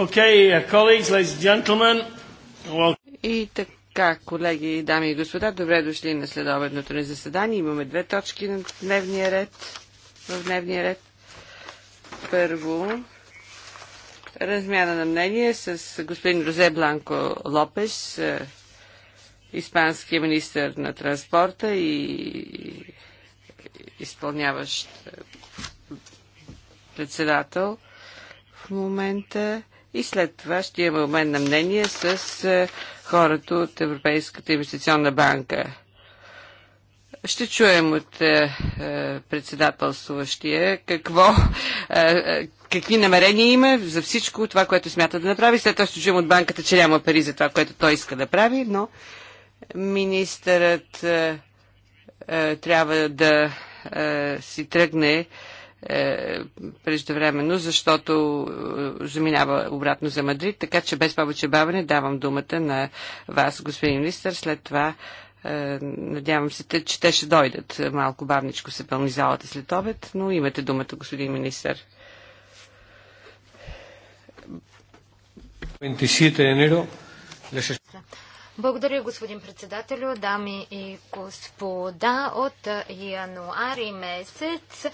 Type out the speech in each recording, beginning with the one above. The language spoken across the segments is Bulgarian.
Okay, uh, colleagues, ladies and gentlemen. И така, колеги, дами и господа, добре дошли на следобедното ни заседание. Имаме две точки на дневния ред. В дневния ред. Първо, размяна на мнение с господин Розе Бланко Лопеш, е, испанския министр на транспорта и изпълняващ е, председател в момента и след това ще имаме обмен на мнение с е, хората от Европейската инвестиционна банка. Ще чуем от е, е председателстващия какво, е, е, какви намерения има за всичко това, което смята да направи. След това ще чуем от банката, че няма пари за това, което той иска да прави, но министърът е, е, трябва да е, си тръгне е, преждевременно, защото е, заминава обратно за Мадрид, така че без повече бавене давам думата на вас, господин министър. След това е, Надявам се, че те ще дойдат. Малко бавничко се пълни залата след обед, но имате думата, господин министр. 27 благодаря, господин председателю, дами и господа. От януари месец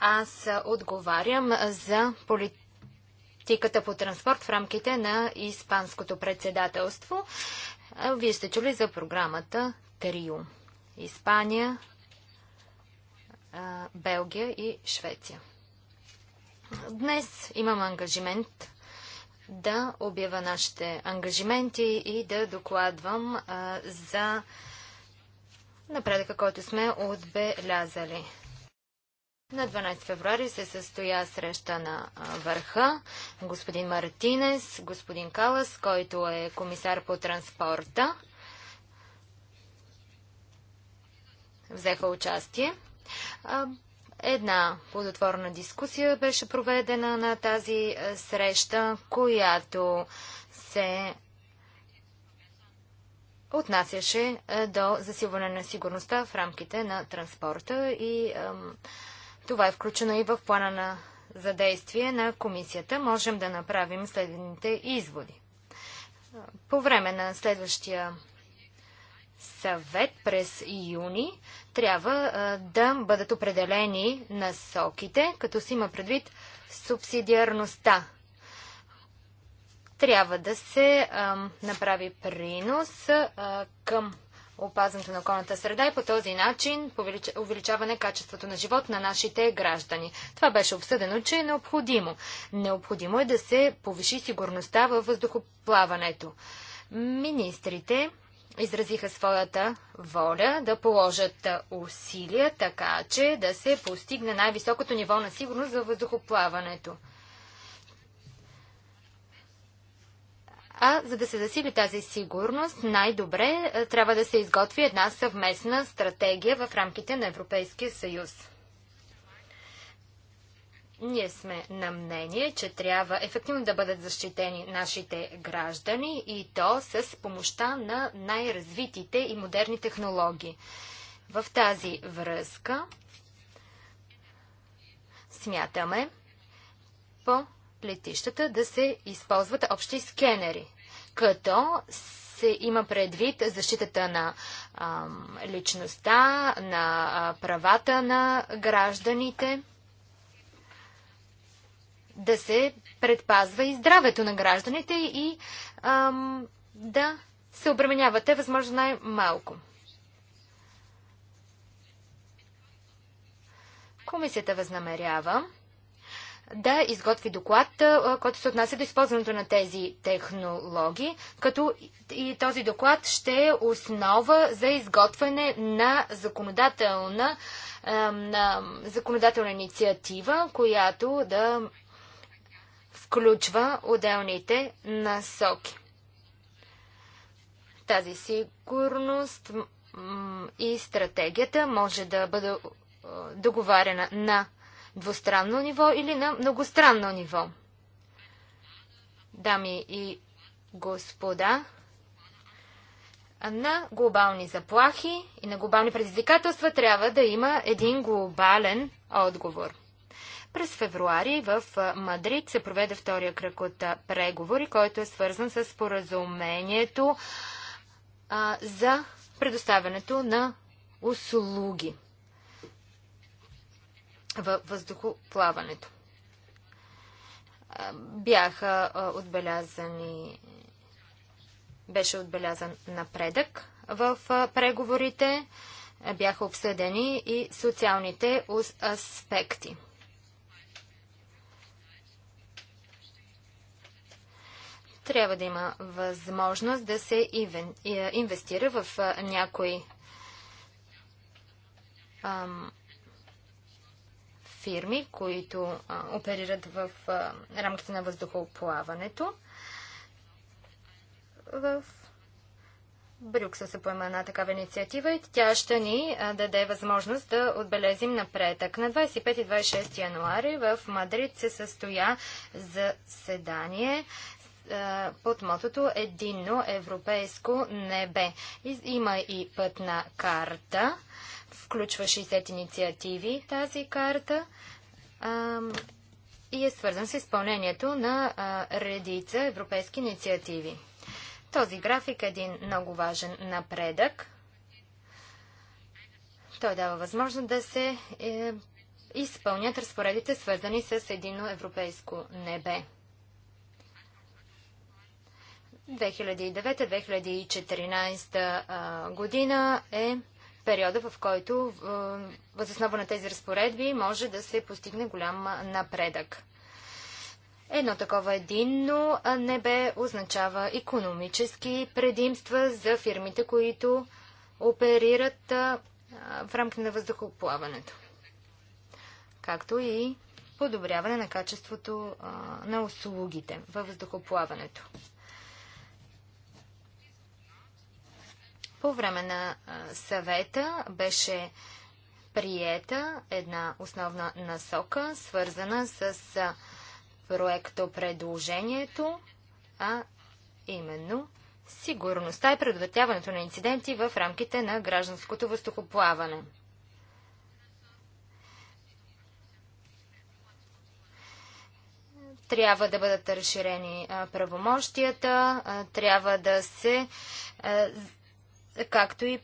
аз отговарям за политиката по транспорт в рамките на Испанското председателство. Вие сте чули за програмата Трио. Испания, Белгия и Швеция. Днес имам ангажимент да обява нашите ангажименти и да докладвам а, за напредъка, който сме отбелязали. На 12 февруари се състоя среща на върха. Господин Мартинес, господин Калас, който е комисар по транспорта, взеха участие. Една плодотворна дискусия беше проведена на тази е, среща, която се отнасяше е, до засилване на сигурността в рамките на транспорта и това е включено и в плана на за действие на комисията. Можем да направим следните изводи. По време на следващия съвет през юни трябва да бъдат определени насоките, като си има предвид субсидиарността. Трябва да се направи принос към опазването на околната среда и по този начин увеличаване качеството на живот на нашите граждани. Това беше обсъдено, че е необходимо. Необходимо е да се повиши сигурността във въздухоплаването. Министрите изразиха своята воля да положат усилия, така че да се постигне най-високото ниво на сигурност за въздухоплаването. А за да се засили тази сигурност, най-добре е, трябва да се изготви една съвместна стратегия в рамките на Европейския съюз. Ние сме на мнение, че трябва ефективно да бъдат защитени нашите граждани и то с помощта на най-развитите и модерни технологии. В тази връзка смятаме по летищата да се използват общи скенери, като се има предвид защитата на личността, на правата на гражданите – да се предпазва и здравето на гражданите и ам, да се обременявате възможно най-малко. Комисията възнамерява да изготви доклад, който се отнася до използването на тези технологии, като и този доклад ще е основа за изготвяне на законодателна, на законодателна инициатива, която да включва отделните насоки. Тази сигурност и стратегията може да бъде договарена на двустранно ниво или на многостранно ниво. Дами и господа, на глобални заплахи и на глобални предизвикателства трябва да има един глобален отговор. През февруари в Мадрид се проведе втория кръг от преговори, който е свързан с споразумението за предоставянето на услуги във въздухоплаването. Бяха отбелязани беше отбелязан напредък в преговорите, бяха обсъдени и социалните аспекти. Трябва да има възможност да се е, инвестира в някои фирми, които оперират в рамките на въздухоплаването. В Брюксел се поема една такава инициатива и тя ще ни даде възможност да отбелезим напредък. На 25 и 26 януари в Мадрид се състоя заседание е, под мотото Единно европейско небе. Има и пътна карта, включва 60 инициативи тази карта и е свързан с изпълнението на редица европейски инициативи. Този график е един много важен напредък. Той дава възможност да се е, изпълнят разпоредите, свързани с едино европейско небе. 2009-2014 година е периода, в който възоснова на тези разпоредби може да се постигне голям напредък. Едно такова единно не бе означава економически предимства за фирмите, които оперират в рамките на въздухоплаването, както и подобряване на качеството на услугите във въздухоплаването. По време на съвета беше приета една основна насока, свързана с проекто предложението, а именно сигурността и предотвратяването на инциденти в рамките на гражданското въздухоплаване. Трябва да бъдат разширени правомощията, трябва да се както и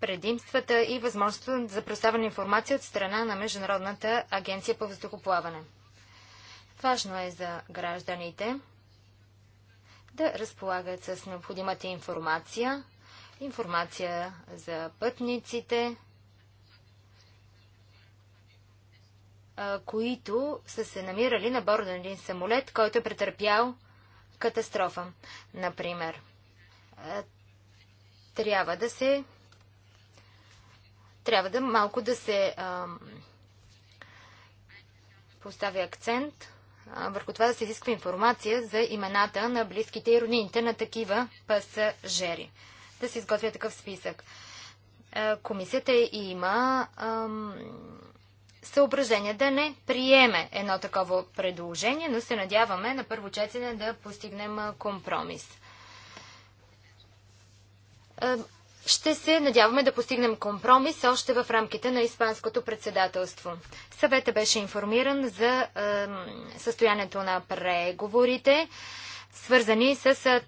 предимствата и възможността за представяне информация от страна на Международната агенция по въздухоплаване. Важно е за гражданите да разполагат с необходимата информация, информация за пътниците, които са се намирали на борда на един самолет, който е претърпял катастрофа, например трябва да се трябва да малко да се а, постави акцент а, върху това да се изисква информация за имената на близките и роднините на такива пасажери. Да се изготвя такъв списък. А, комисията има а, съображение да не приеме едно такова предложение, но се надяваме на първо четене да постигнем компромис. Е, ще се надяваме да постигнем компромис още в рамките на Испанското председателство. Съветът беше информиран за е, състоянието на преговорите, свързани с е,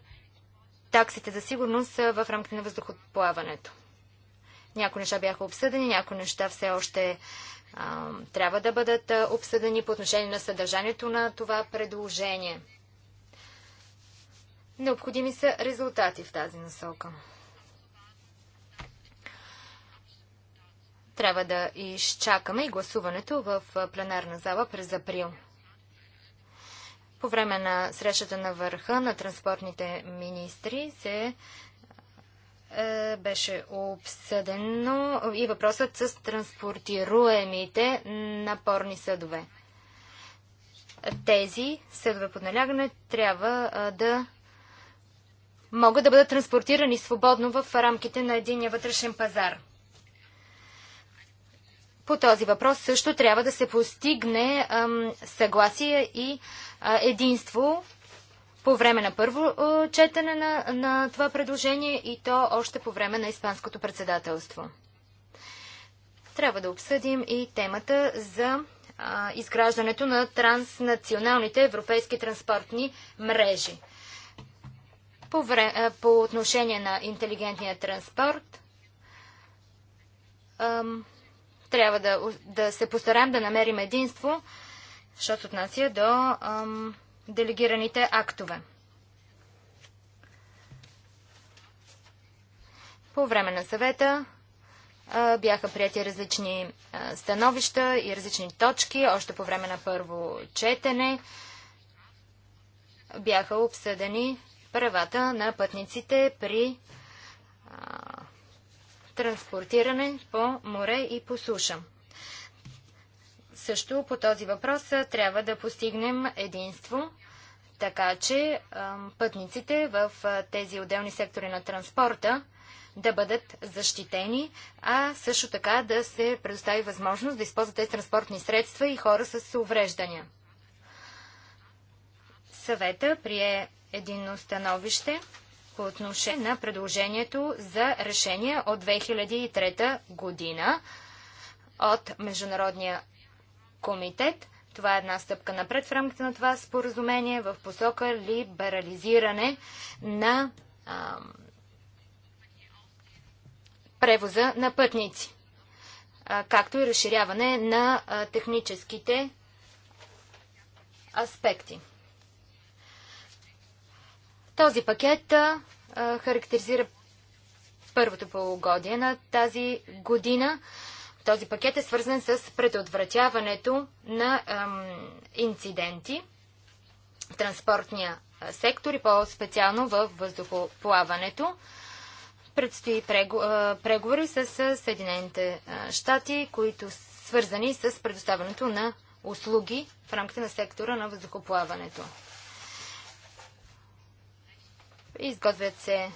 таксите за сигурност в рамките на въздухоплаването. Някои неща бяха обсъдени, някои неща все още трябва да бъдат обсъдени по отношение на съдържанието на това предложение. Необходими са резултати в тази насока. Трябва да изчакаме и гласуването в пленарна зала през април. По време на срещата на върха на транспортните министри се е, беше обсъдено и въпросът с транспортируемите напорни съдове. Тези съдове под налягане трябва да могат да бъдат транспортирани свободно в рамките на единия вътрешен пазар. По този въпрос също трябва да се постигне ам, съгласие и а, единство по време на първо а, четене на, на това предложение и то още по време на Испанското председателство. Трябва да обсъдим и темата за а, изграждането на транснационалните европейски транспортни мрежи. По, вре, а, по отношение на интелигентния транспорт, ам, трябва да, да се постараем да намерим единство, защото отнася до ам, делегираните актове. По време на съвета а, бяха прияти различни а, становища и различни точки, още по време на първо четене бяха обсъдени правата на пътниците при а, транспортиране по море и по суша. Също по този въпрос трябва да постигнем единство, така че пътниците в тези отделни сектори на транспорта да бъдат защитени, а също така да се предостави възможност да използват тези транспортни средства и хора с увреждания. Съвета прие един становище по отношение на предложението за решение от 2003 година от Международния комитет. Това е една стъпка напред в рамките на това споразумение в посока либерализиране на а, превоза на пътници, а, както и разширяване на а, техническите аспекти. Този пакет а, характеризира първото полугодие на тази година. Този пакет е свързан с предотвратяването на ам, инциденти в транспортния сектор и по-специално в въздухоплаването. Предстои преговори с Съединените щати, които са свързани с предоставянето на услуги в рамките на сектора на въздухоплаването. Изготвят се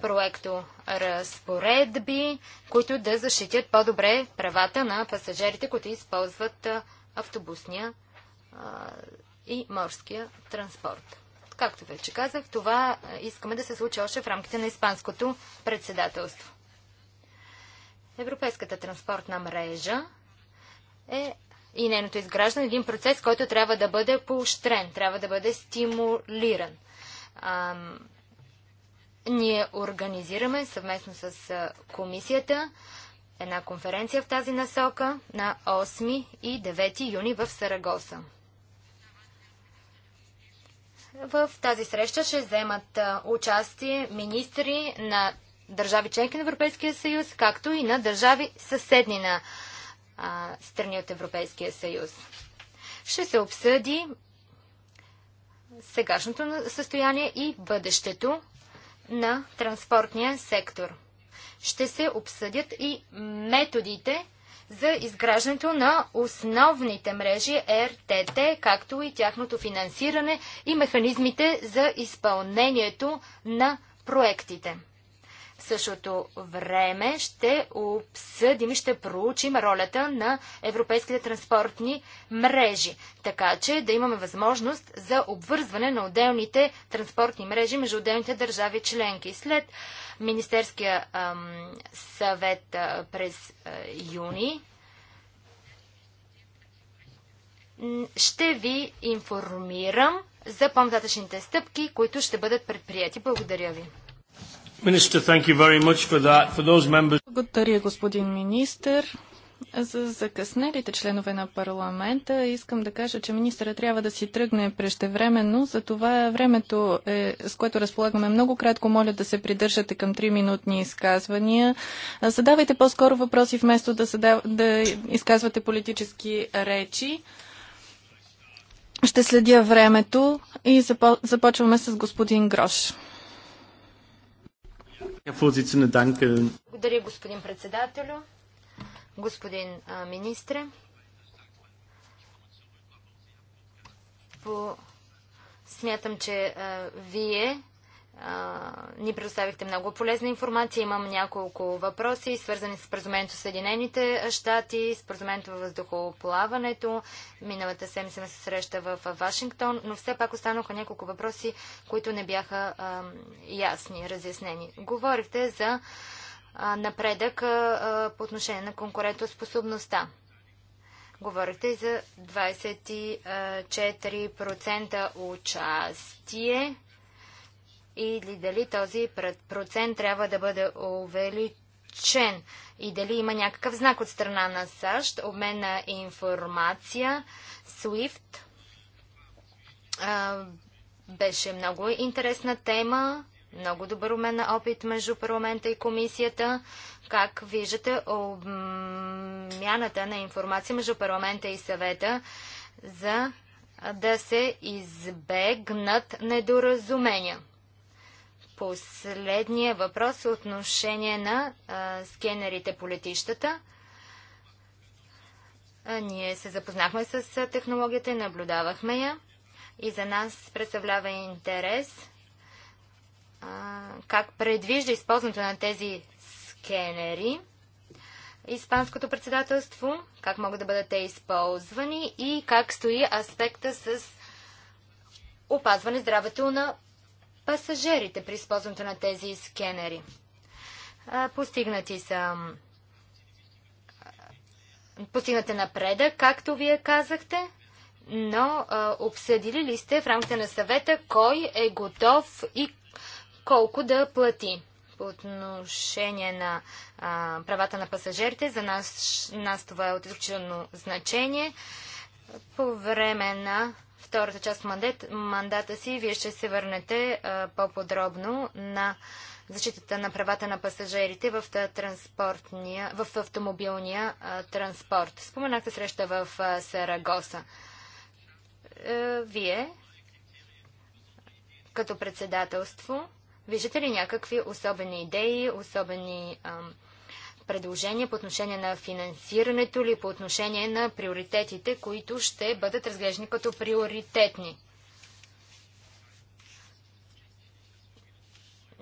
проекто разпоредби, които да защитят по-добре правата на пасажирите, които използват автобусния и морския транспорт. Както вече казах, това искаме да се случи още в рамките на Испанското председателство. Европейската транспортна мрежа е и нейното изграждане един процес, който трябва да бъде поощрен, трябва да бъде стимулиран – ние организираме съвместно с комисията една конференция в тази насока на 8 и 9 юни в Сарагоса. В тази среща ще вземат участие министри на държави членки на Европейския съюз, както и на държави съседни на страни от Европейския съюз. Ще се обсъди сегашното състояние и бъдещето на транспортния сектор. Ще се обсъдят и методите за изграждането на основните мрежи РТТ, както и тяхното финансиране и механизмите за изпълнението на проектите. В същото време ще обсъдим и ще проучим ролята на европейските транспортни мрежи, така че да имаме възможност за обвързване на отделните транспортни мрежи между отделните държави членки. След Министерския ам, съвет а, през а, юни ще ви информирам за по-нататъчните стъпки, които ще бъдат предприяти. Благодаря ви. Благодаря, господин министър. За закъснелите членове на парламента искам да кажа, че министъра трябва да си тръгне преждевременно, това времето, е, с което разполагаме много кратко, моля да се придържате към 3-минутни изказвания. Задавайте по-скоро въпроси, вместо да, задав... да изказвате политически речи. Ще следя времето и започваме с господин Грош. Благодаря, господин председателю, господин министр. министре. Смятам, че вие ни предоставихте много полезна информация. Имам няколко въпроси, свързани с споразумението Съединените щати, споразумението във въздухоплаването. Миналата седмица се среща в, Вашингтон, но все пак останаха няколко въпроси, които не бяха а, ясни, разяснени. Говорихте за а, напредък а, по отношение на конкурентоспособността. Говорихте и за 24% участие или дали този процент трябва да бъде увеличен и дали има някакъв знак от страна на САЩ, обмен на информация, SWIFT. А, беше много интересна тема, много добър обмен на опит между парламента и комисията. Как виждате обмяната на информация между парламента и съвета за да се избегнат недоразумения? Последния въпрос е отношение на а, скенерите по летищата. А, ние се запознахме с а, технологията и наблюдавахме я. И за нас представлява интерес а, как предвижда използването на тези скенери Испанското председателство, как могат да бъдат те използвани и как стои аспекта с опазване здравето на Пасажерите при използването на тези скенери. Постигнати са постигнате напредък, както вие казахте, но а, обсъдили ли сте в рамките на съвета кой е готов и колко да плати? По отношение на а, правата на пасажирите, за нас, нас това е от значение. По време на втората част мандат, мандата си, вие ще се върнете по-подробно на защитата на правата на пасажирите в, транспортния, в автомобилния а, транспорт. Споменахте среща в а, Сарагоса. Е, вие, като председателство, виждате ли някакви особени идеи, особени предложения по отношение на финансирането или по отношение на приоритетите, които ще бъдат разглеждани като приоритетни.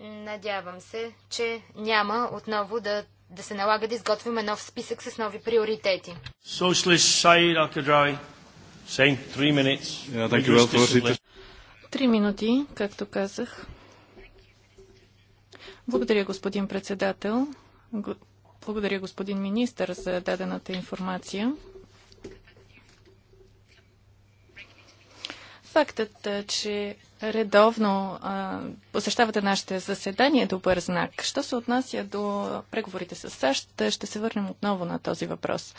Надявам се, че няма отново да, да се налага да изготвим нов списък с нови приоритети. Три минути, както казах. Благодаря, господин председател. Благодаря, господин министър, за дадената информация. Фактът, че редовно а, посещавате нашите заседания е добър знак. Що се отнася до преговорите с САЩ, ще се върнем отново на този въпрос.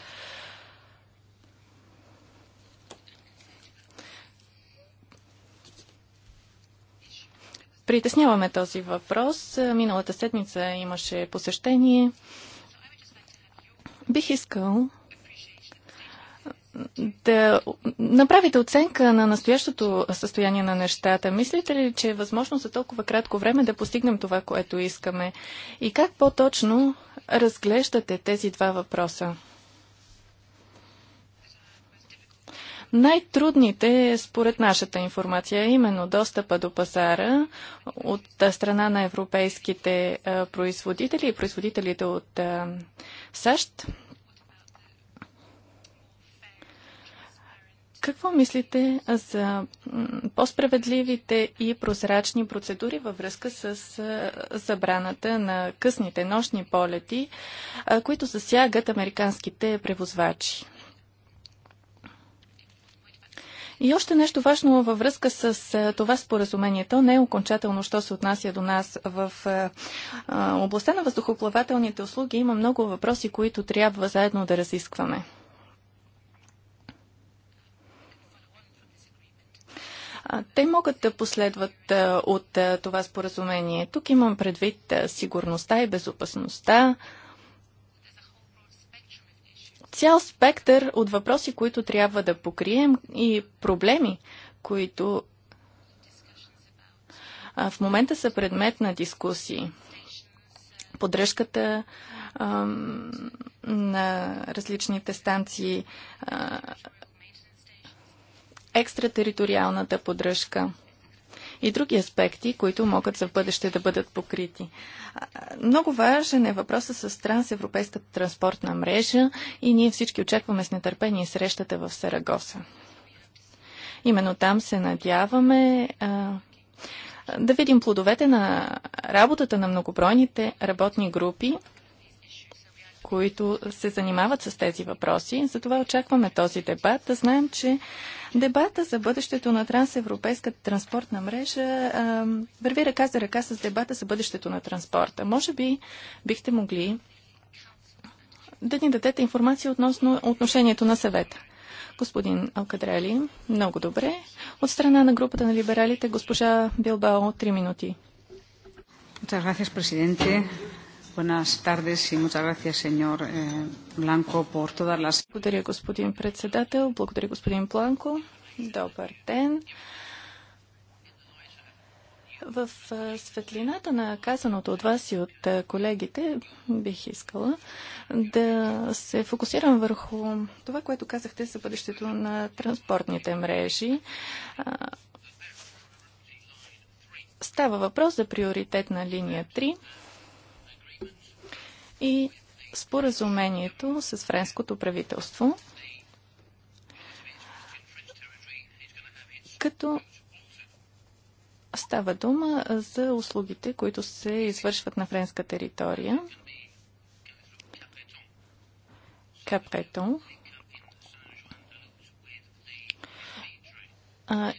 Притесняваме този въпрос. Миналата седмица имаше посещение. Бих искал да направите оценка на настоящото състояние на нещата. Мислите ли, че е възможно за толкова кратко време да постигнем това, което искаме? И как по-точно разглеждате тези два въпроса? Най-трудните, според нашата информация, е именно достъпа до пазара от страна на европейските производители и производителите от САЩ. Какво мислите за по-справедливите и прозрачни процедури във връзка с забраната на късните нощни полети, които засягат американските превозвачи? И още нещо важно във връзка с е, това споразумение. То не е окончателно, що се отнася до нас. В е, областта на въздухоплавателните услуги има много въпроси, които трябва заедно да разискваме. Те могат да последват е, от това споразумение. Тук имам предвид сигурността и безопасността, цял спектър от въпроси, които трябва да покрием и проблеми, които в момента са предмет на дискусии. Поддръжката на различните станции, екстратериториалната поддръжка – и други аспекти, които могат за бъдеще да бъдат покрити. Много важен е въпросът с трансевропейската транспортна мрежа и ние всички очакваме с нетърпение срещата в Сарагоса. Именно там се надяваме а, да видим плодовете на работата на многобройните работни групи, които се занимават с тези въпроси. Затова очакваме този дебат. Да знаем, че дебата за бъдещето на трансевропейската транспортна мрежа а, върви ръка за ръка с дебата за бъдещето на транспорта. Може би бихте могли да ни дадете информация относно отношението на съвета. Господин Алкадрели, много добре. От страна на групата на либералите, госпожа Билбао, 3 минути. Muchas gracias, presidente. Buenas tardes y muchas gracias, señor eh, Blanco, por todas las... Благодаря, господин председател. Благодаря, господин Бланко. Добър ден. В светлината на казаното от вас и от колегите бих искала да се фокусирам върху това, което казахте за бъдещето на транспортните мрежи. Става въпрос за приоритет на линия 3 и споразумението с френското правителство, като става дума за услугите, които се извършват на френска територия. Капретон.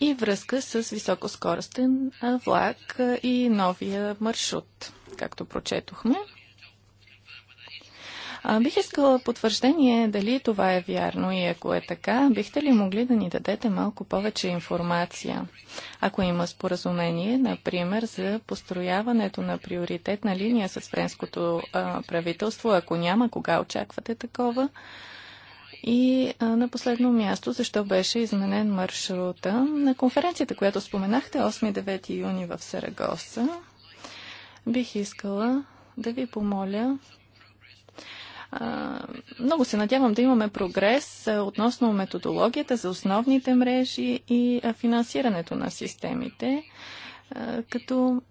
и връзка с високоскоростен влак и новия маршрут, както прочетохме. А, бих искала потвърждение дали това е вярно и ако е така, бихте ли могли да ни дадете малко повече информация? Ако има споразумение, например, за построяването на приоритетна линия с френското а, правителство, ако няма, кога очаквате такова? И а, на последно място, защо беше изменен маршрута на конференцията, която споменахте 8-9 юни в Сарагоса. Бих искала да ви помоля много се надявам да имаме прогрес относно методологията за основните мрежи и финансирането на системите като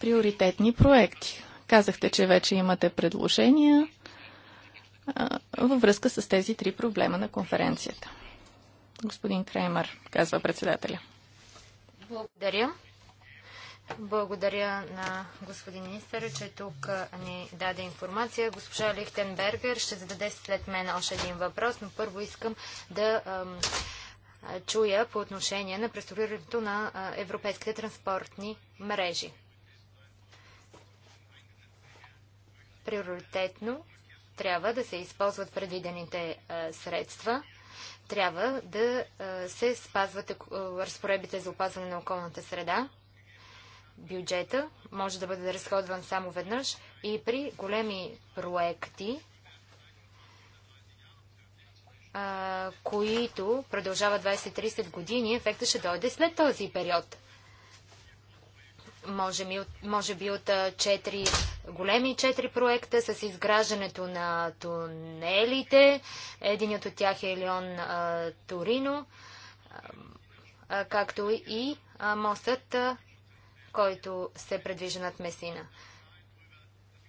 приоритетни проекти. Казахте, че вече имате предложения във връзка с тези три проблема на конференцията. Господин Креймер, казва председателя. Благодаря. Благодаря на господин министър, че тук ни даде информация. Госпожа Лихтенбергер ще зададе след мен още един въпрос, но първо искам да чуя по отношение на преструктурирането на европейските транспортни мрежи. Приоритетно трябва да се използват предвидените средства трябва да се спазват разпоредбите за опазване на околната среда бюджета може да бъде разходван само веднъж и при големи проекти, които продължават 20-30 години, ефектът ще дойде след този период. Може, от, може би от 4 големи 4 проекта с изграждането на тунелите. Един от тях е Леон Торино, както и мостът който се предвижда над Месина.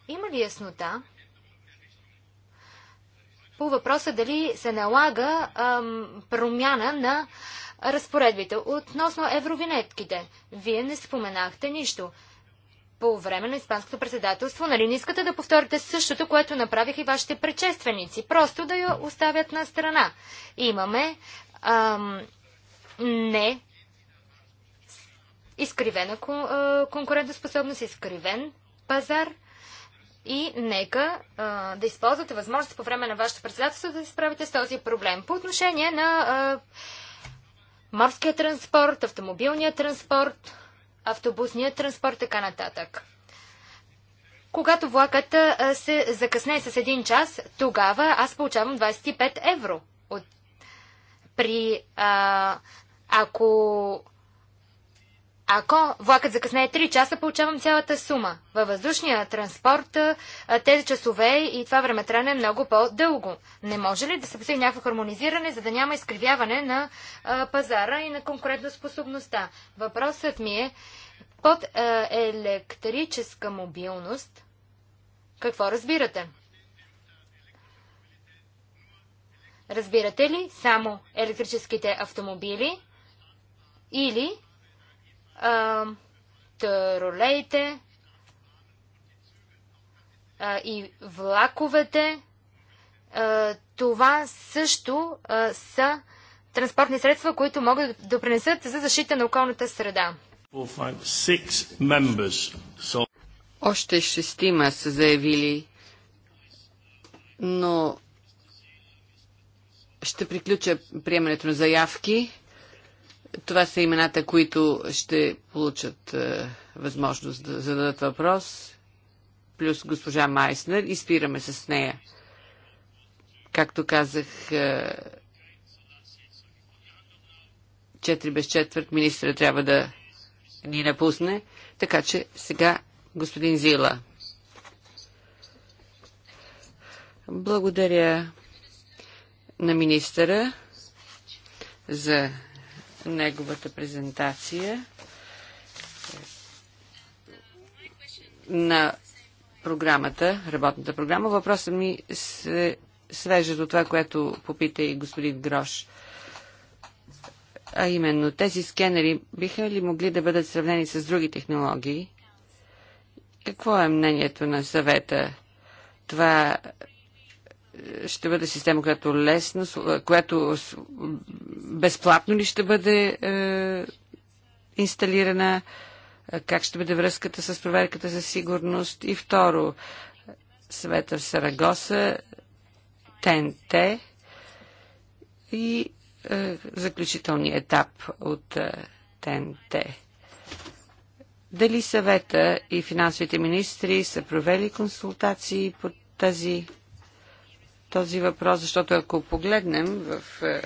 Има ли яснота по въпроса дали се налага ам, промяна на разпоредбите относно евровинетките? Вие не споменахте нищо. По време на Испанското председателство, нали не искате да повторите същото, което направих и вашите предшественици? Просто да я оставят на страна. Имаме ам, не изкривена конкурентоспособност, изкривен пазар и нека а, да използвате възможност по време на вашето председателство да се справите с този проблем. По отношение на а, морския транспорт, автомобилния транспорт, автобусния транспорт, така нататък. Когато влаката а, се закъсне с един час, тогава аз получавам 25 евро. От... При, а, ако ако влакът закъснее 3 часа, получавам цялата сума. Във въздушния транспорт тези часове и това време трябва е много по-дълго. Не може ли да се постигне някакво хармонизиране, за да няма изкривяване на а, пазара и на конкурентоспособността? Въпросът ми е под а, електрическа мобилност. Какво разбирате? Разбирате ли само електрическите автомобили или Ролеите и влаковете. това също са транспортни средства, които могат да допринесат за защита на околната среда. Още шестима са заявили, но ще приключа приемането на заявки. Това са имената, които ще получат е, възможност да зададат въпрос, плюс госпожа Майснер и спираме с нея. Както казах, е, 4 без четвърт министра трябва да ни напусне, така че сега господин Зила. Благодаря на министъра за неговата презентация на програмата, работната програма. Въпросът ми се свежа до това, което попита и господин Грош. А именно, тези скенери биха ли могли да бъдат сравнени с други технологии? Какво е мнението на съвета? Това ще бъде система, която лесно, която безплатно ли ще бъде е, инсталирана, как ще бъде връзката с проверката за сигурност и второ, съвета в Сарагоса, ТНТ и е, заключителният етап от е, ТНТ. Дали съвета и финансовите министри са провели консултации по тази този въпрос, защото ако погледнем в е,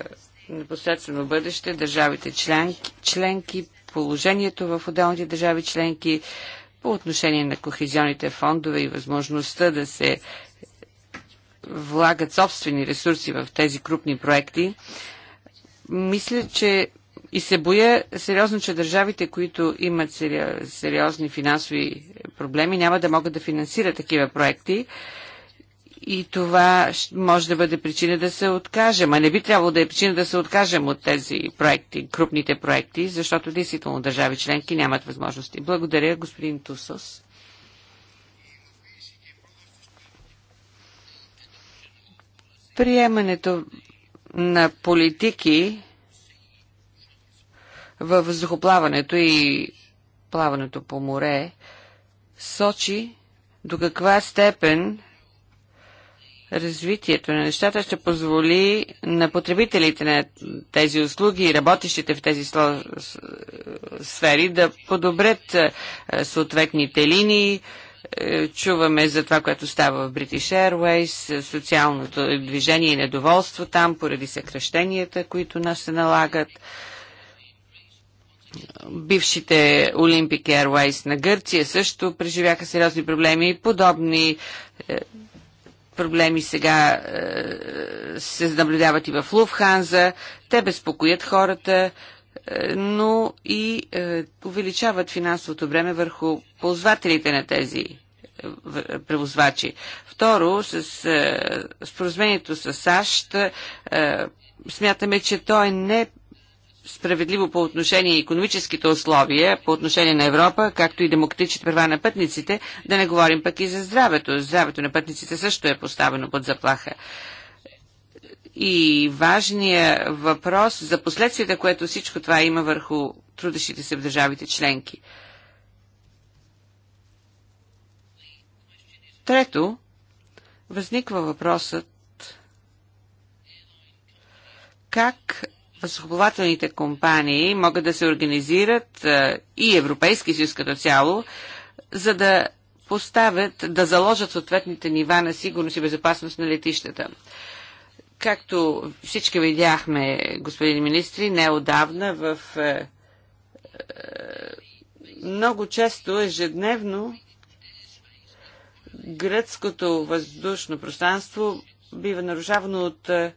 непосредствено бъдеще държавите членки, членки, положението в отделните държави членки по отношение на кохезионните фондове и възможността да се влагат собствени ресурси в тези крупни проекти, мисля, че и се боя сериозно, че държавите, които имат сериозни финансови проблеми, няма да могат да финансират такива проекти и това може да бъде причина да се откажем. А не би трябвало да е причина да се откажем от тези проекти, крупните проекти, защото действително държави членки нямат възможности. Благодаря, господин Тусос. Приемането на политики във въздухоплаването и плаването по море сочи до каква степен развитието на нещата ще позволи на потребителите на тези услуги и работещите в тези сфери да подобрят е, съответните линии. Е, чуваме за това, което става в British Airways, социалното движение и недоволство там поради съкръщенията, които нас се налагат бившите Olympic Airways на Гърция също преживяха сериозни проблеми и подобни е, Проблеми сега е, се наблюдават и в Луфханза. Те безпокоят хората, е, но и е, увеличават финансовото време върху ползвателите на тези превозвачи. Второ, с е, споразумението с САЩ е, смятаме, че то е не справедливо по отношение на економическите условия, по отношение на Европа, както и демократичните права на пътниците, да не говорим пък и за здравето. Здравето на пътниците също е поставено под заплаха. И важният въпрос за последствията, което всичко това има върху трудещите се в държавите членки. Трето, възниква въпросът как Въздухоплавателните компании могат да се организират и Европейски съюз като цяло, за да поставят, да заложат съответните нива на сигурност и безопасност на летищата. Както всички видяхме, господин министри, неодавна в е, е много често ежедневно гръцкото въздушно пространство бива нарушавано от е,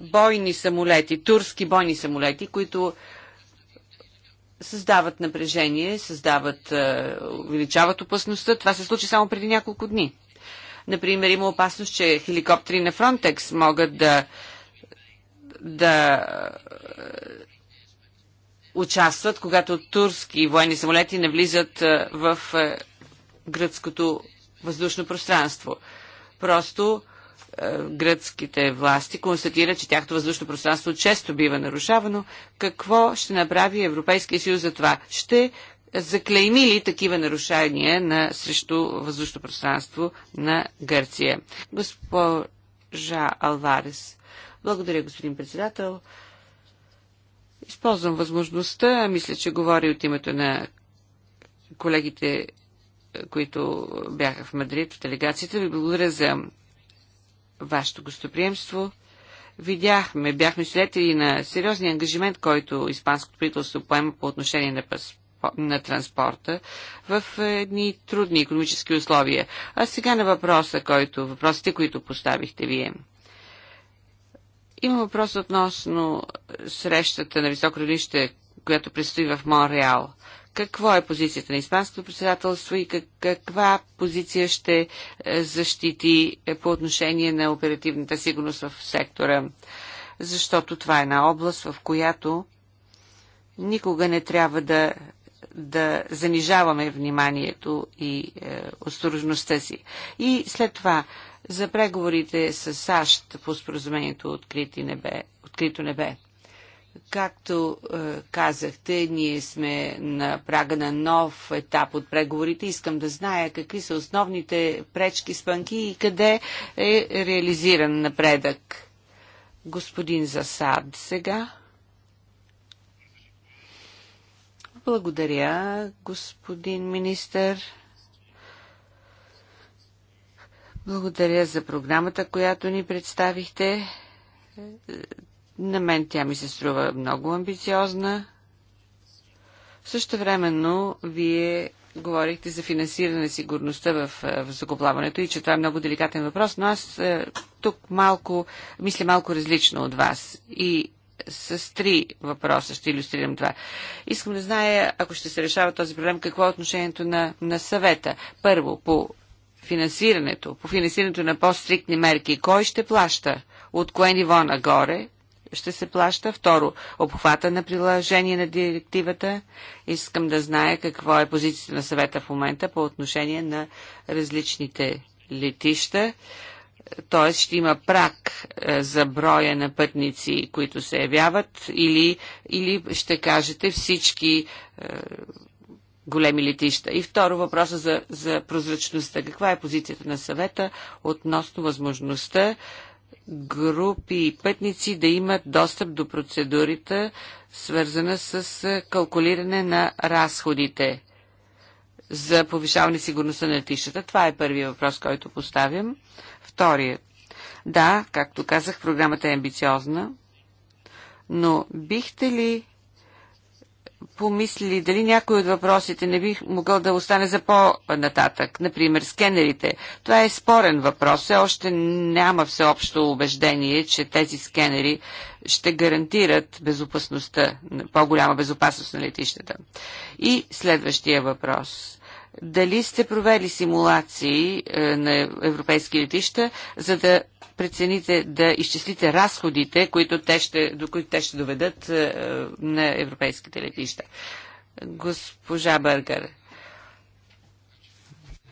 бойни самолети, турски бойни самолети, които създават напрежение, създават, е, увеличават опасността. Това се случи само преди няколко дни. Например, има опасност, че хеликоптери на Фронтекс могат да, да е, участват, когато турски военни самолети навлизат е, в гръцкото въздушно пространство. Просто е, гръцките власти констатира, че тяхното въздушно пространство често бива нарушавано. Какво ще направи Европейския съюз за това? Ще заклейми ли такива нарушения на, срещу въздушно пространство на Гърция? Госпожа Алварес. Благодаря, господин председател. Използвам възможността, мисля, че говори от името на колегите, които бяха в Мадрид, в делегацията. Ви благодаря за вашето гостоприемство. Видяхме, бяхме свидетели на сериозния ангажимент, който Испанското правителство поема по отношение на, паспо, на транспорта в е, едни трудни економически условия. А сега на въпроса, който, въпросите, които поставихте вие. Има въпрос относно срещата на високо равнище, която предстои в Монреал. Какво е позицията на Испанското председателство и как, каква позиция ще е, защити е, по отношение на оперативната сигурност в сектора? Защото това е една област, в която никога не трябва да, да занижаваме вниманието и е, осторожността си. И след това за преговорите с САЩ по споразумението Открити небе, Открито небе. Както е, казахте, ние сме на прага на нов етап от преговорите. Искам да зная какви са основните пречки спънки и къде е реализиран напредък. Господин Засад сега. Благодаря, господин министър. Благодаря за програмата, която ни представихте. На мен тя ми се струва много амбициозна. Също времено вие говорихте за финансиране на сигурността в е, въздухоплаването и че това е много деликатен въпрос, но аз е, тук малко, мисля малко различно от вас и с три въпроса ще иллюстрирам това. Искам да зная, ако ще се решава този проблем, какво е отношението на, на съвета. Първо, по финансирането, по финансирането на по-стриктни мерки, кой ще плаща? От кое ниво нагоре? ще се плаща? Второ, обхвата на приложение на директивата. Искам да зная какво е позицията на съвета в момента по отношение на различните летища. Т.е. ще има прак е, за броя на пътници, които се явяват или, или ще кажете всички е, големи летища. И второ въпроса за, за прозрачността. Каква е позицията на съвета относно възможността групи и пътници да имат достъп до процедурите, свързана с калкулиране на разходите за повишаване сигурността на летищата. Това е първият въпрос, който поставям. Вторият. Да, както казах, програмата е амбициозна, но бихте ли помислили дали някой от въпросите не бих могъл да остане за по-нататък. Например, скенерите. Това е спорен въпрос. Все още няма всеобщо убеждение, че тези скенери ще гарантират безопасността, по-голяма безопасност на летищата. И следващия въпрос. Дали сте провели симулации е, на европейски летища, за да прецените да изчислите разходите, които те ще, до които те ще доведат е, на европейските летища? Госпожа Бъргър.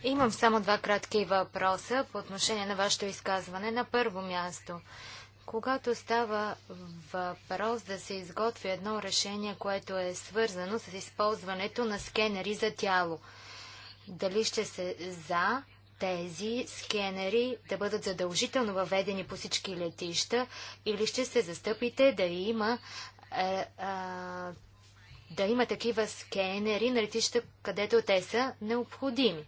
Имам само два кратки въпроса по отношение на вашето изказване. На първо място, когато става въпрос да се изготви едно решение, което е свързано с използването на скенери за тяло – дали ще се за тези скенери да бъдат задължително въведени по всички летища или ще се застъпите да има е, е, да има такива скенери на летища, където те са необходими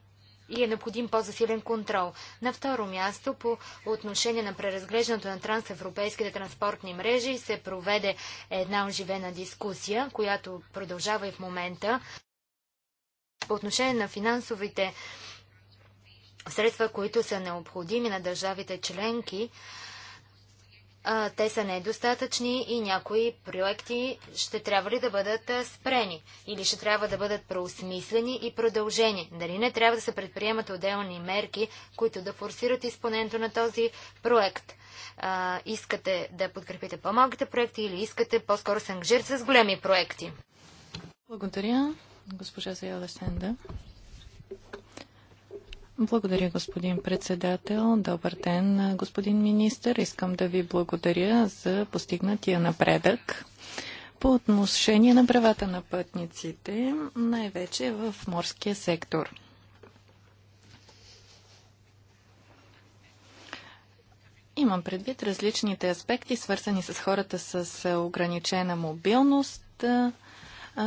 и е необходим по-засилен контрол. На второ място, по отношение на преразглеждането на трансевропейските транспортни мрежи, се проведе една оживена дискусия, която продължава и в момента по отношение на финансовите средства, които са необходими на държавите членки, те са недостатъчни и някои проекти ще трябва ли да бъдат спрени или ще трябва да бъдат преосмислени и продължени. Дали не трябва да се предприемат отделни мерки, които да форсират изпълнението на този проект? искате да подкрепите по-малките проекти или искате по-скоро се ангажирате с големи проекти? Благодаря. Госпожа Заяла Сенда. Благодаря, господин председател. Добър ден, господин министър. Искам да ви благодаря за постигнатия напредък по отношение на правата на пътниците, най-вече в морския сектор. Имам предвид различните аспекти, свързани с хората с ограничена мобилност,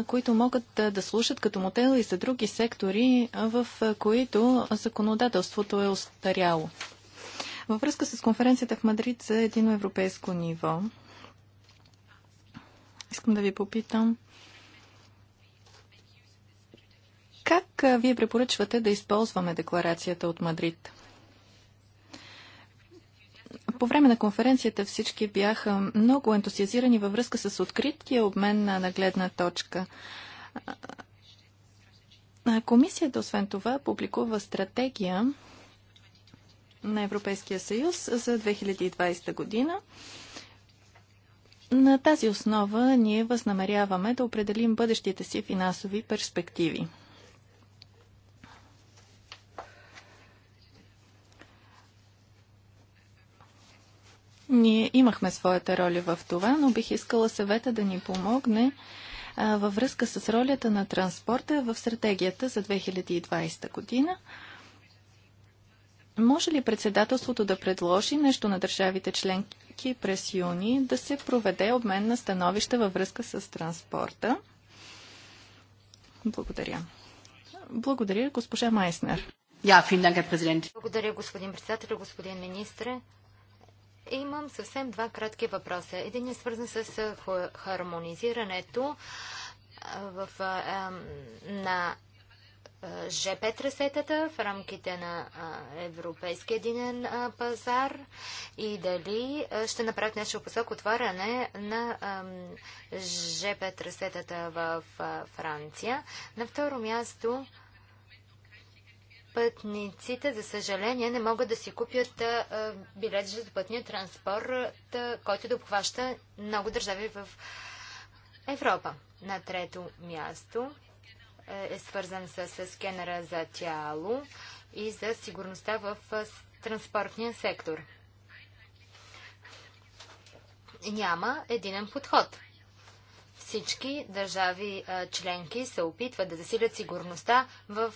които могат да слушат като модел и за други сектори, в които законодателството е устаряло. Във връзка с конференцията в Мадрид за едино европейско ниво, искам да ви попитам. Как вие препоръчвате да използваме декларацията от Мадрид? По време на конференцията всички бяха много ентусиазирани във връзка с открития обмен на нагледна точка. Комисията, освен това, публикува стратегия на Европейския съюз за 2020 година. На тази основа ние възнамеряваме да определим бъдещите си финансови перспективи. Ние имахме своята роля в това, но бих искала съвета да ни помогне а, във връзка с ролята на транспорта в стратегията за 2020 година. Може ли председателството да предложи нещо на държавите членки през юни да се проведе обмен на становища във връзка с транспорта? Благодаря. Благодаря, госпожа Майснер. Благодаря, господин председател, господин министр. Имам съвсем два кратки въпроса. Един е свързан с хармонизирането в, на ЖП трасетата в рамките на Европейския единен пазар и дали ще направят нещо посок отваряне на ЖП трасетата в Франция. На второ място Пътниците, за съжаление, не могат да си купят билет за пътния транспорт, който да обхваща много държави в Европа. На трето място е свързан с скенера за тяло и за сигурността в транспортния сектор. Няма единен подход – всички държави членки се опитват да засилят сигурността в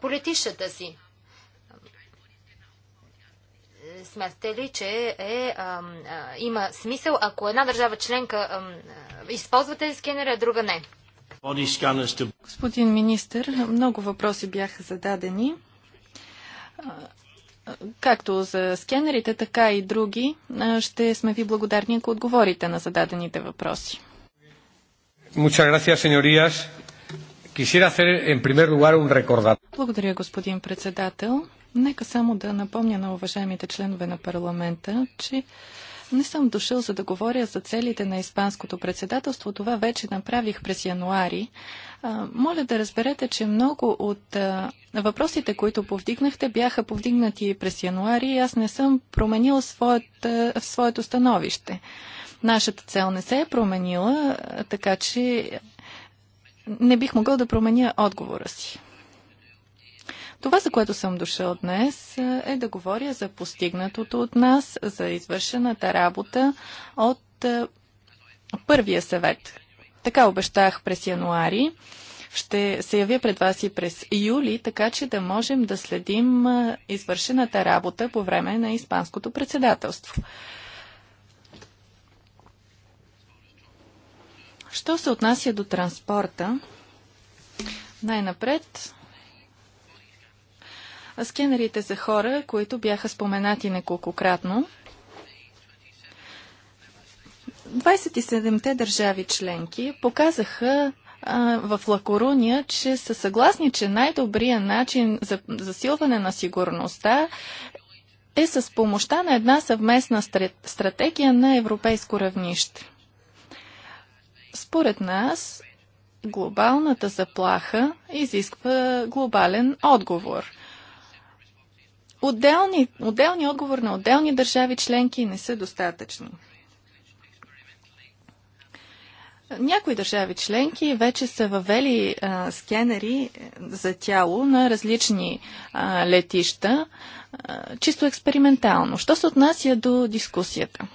политищата си. Смятате ли, че е, а, а, има смисъл, ако една държава членка а, използва тези скенери, а друга не? Господин министр, много въпроси бяха зададени. Както за скенерите, така и други. Ще сме ви благодарни, ако отговорите на зададените въпроси. Muchas gracias, señorías. Quisiera hacer en primer lugar un recordatorio. Благодаря, господин председател. Нека само да напомня на уважаемите членове на парламента, че не съм дошъл за да говоря за целите на Испанското председателство. Това вече направих през януари. моля да разберете, че много от въпросите, които повдигнахте, бяха повдигнати през януари и аз не съм променил своят, своето становище. Нашата цел не се е променила, така че не бих могъл да променя отговора си. Това, за което съм дошъл днес, е да говоря за постигнатото от нас, за извършената работа от е, първия съвет. Така обещах през януари. Ще се явя пред вас и през юли, така че да можем да следим е, извършената работа по време на Испанското председателство. Що се отнася до транспорта, най-напред скенерите за хора, които бяха споменати неколкократно. 27-те държави членки показаха а, в Лакоруния, че са съгласни, че най-добрият начин за засилване на сигурността е с помощта на една съвместна стратегия на европейско равнище. Според нас, глобалната заплаха изисква глобален отговор. Отделни, отделни отговор на отделни държави членки не са достатъчни. Някои държави членки вече са въвели а, скенери е, за тяло на различни а, летища, а, чисто експериментално. Що се отнася до дискусията?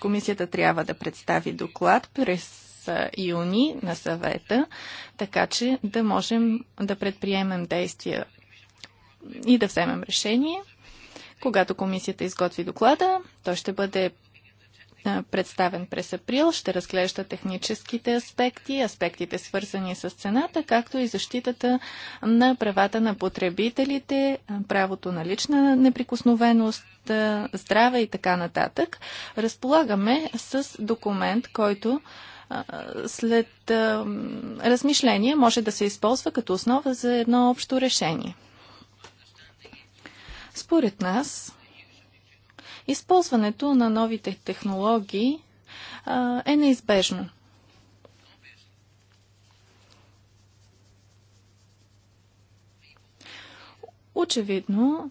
Комисията трябва да представи доклад през юни на съвета, така че да можем да предприемем действия и да вземем решение. Когато комисията изготви доклада, той ще бъде представен през април, ще разглежда техническите аспекти, аспектите свързани с цената, както и защитата на правата на потребителите, правото на лична неприкосновеност, здраве и така нататък. Разполагаме с документ, който след размишление може да се използва като основа за едно общо решение. Според нас, използването на новите технологии а, е неизбежно. Очевидно,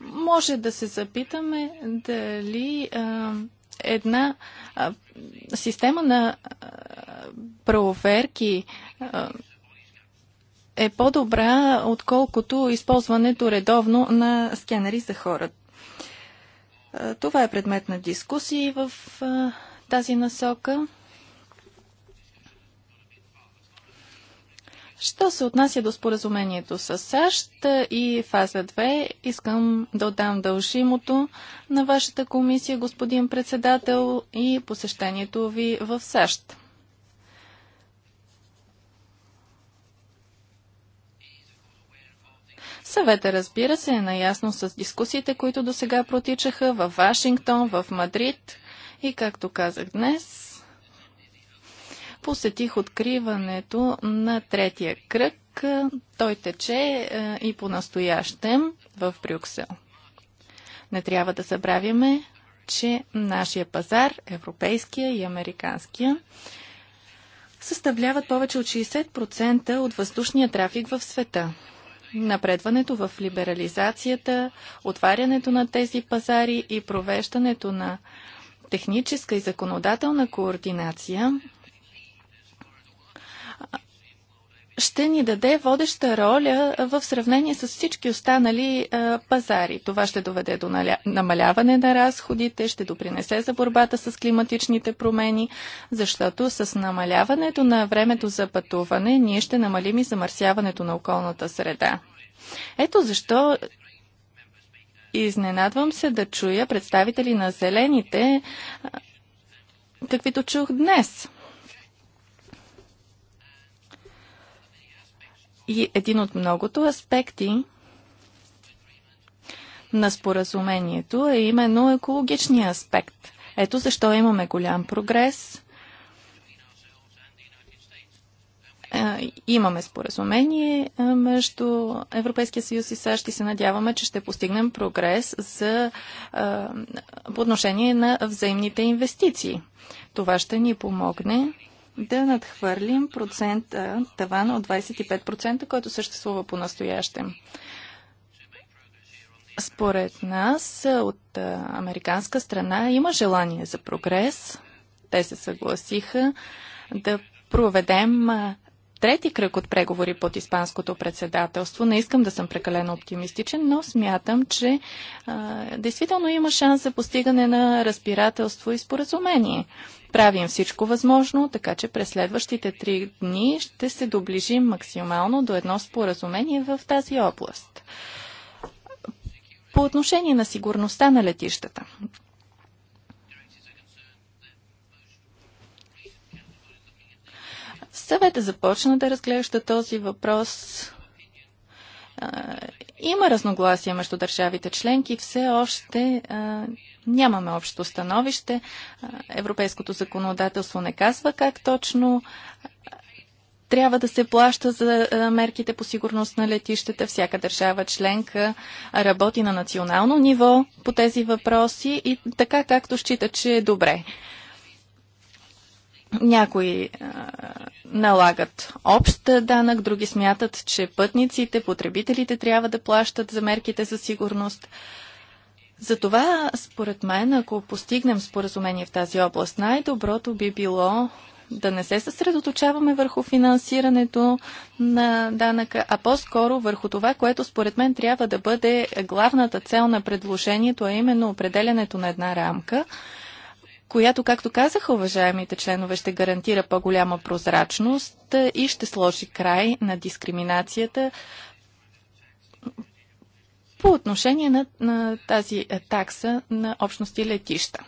може да се запитаме дали а, една а, система на а, проверки а, е по-добра, отколкото използването редовно на скенери за А, Това е предмет на дискусии в а, тази насока. Що се отнася до споразумението с САЩ и фаза 2, искам да отдам дължимото на вашата комисия, господин председател, и посещението ви в САЩ. Съвета, разбира се, е наясно с дискусиите, които до сега протичаха в Вашингтон, в Мадрид и, както казах днес, посетих откриването на третия кръг. Той тече е, и по-настоящем в Брюксел. Не трябва да забравяме, че нашия пазар, европейския и американския, съставляват повече от 60% от въздушния трафик в света. Напредването в либерализацията, отварянето на тези пазари и провеждането на техническа и законодателна координация ще ни даде водеща роля в сравнение с всички останали а, пазари. Това ще доведе до наля... намаляване на разходите, ще допринесе за борбата с климатичните промени, защото с намаляването на времето за пътуване ние ще намалим и замърсяването на околната среда. Ето защо изненадвам се да чуя представители на зелените, каквито чух днес – и един от многото аспекти на споразумението е именно екологичния аспект. Ето защо имаме голям прогрес. Е, имаме споразумение е, между Европейския съюз и САЩ и се надяваме, че ще постигнем прогрес за, е, по отношение на взаимните инвестиции. Това ще ни помогне да надхвърлим процента, тавана от 25%, който съществува по настоящем. Според нас от американска страна има желание за прогрес. Те се съгласиха да проведем трети кръг от преговори под Испанското председателство. Не искам да съм прекалено оптимистичен, но смятам, че а, действително има шанс за постигане на разбирателство и споразумение. Правим всичко възможно, така че през следващите три дни ще се доближим максимално до едно споразумение в тази област. По отношение на сигурността на летищата. Съвета започна да разглежда този въпрос. има разногласия между държавите членки, все още нямаме общо становище. европейското законодателство не казва как точно трябва да се плаща за мерките по сигурност на летищата. Всяка държава членка работи на национално ниво по тези въпроси и така както счита, че е добре. Някои а, е, налагат общ данък, други смятат, че пътниците, потребителите трябва да плащат за мерките за сигурност. Затова, според мен, ако постигнем споразумение в тази област, най-доброто би било да не се съсредоточаваме върху финансирането на данъка, а по-скоро върху това, което според мен трябва да бъде главната цел на предложението, а именно определенето на една рамка – която, както казаха уважаемите членове, ще гарантира по-голяма прозрачност е, и ще сложи край на дискриминацията по отношение на, на тази е, такса на общности летища.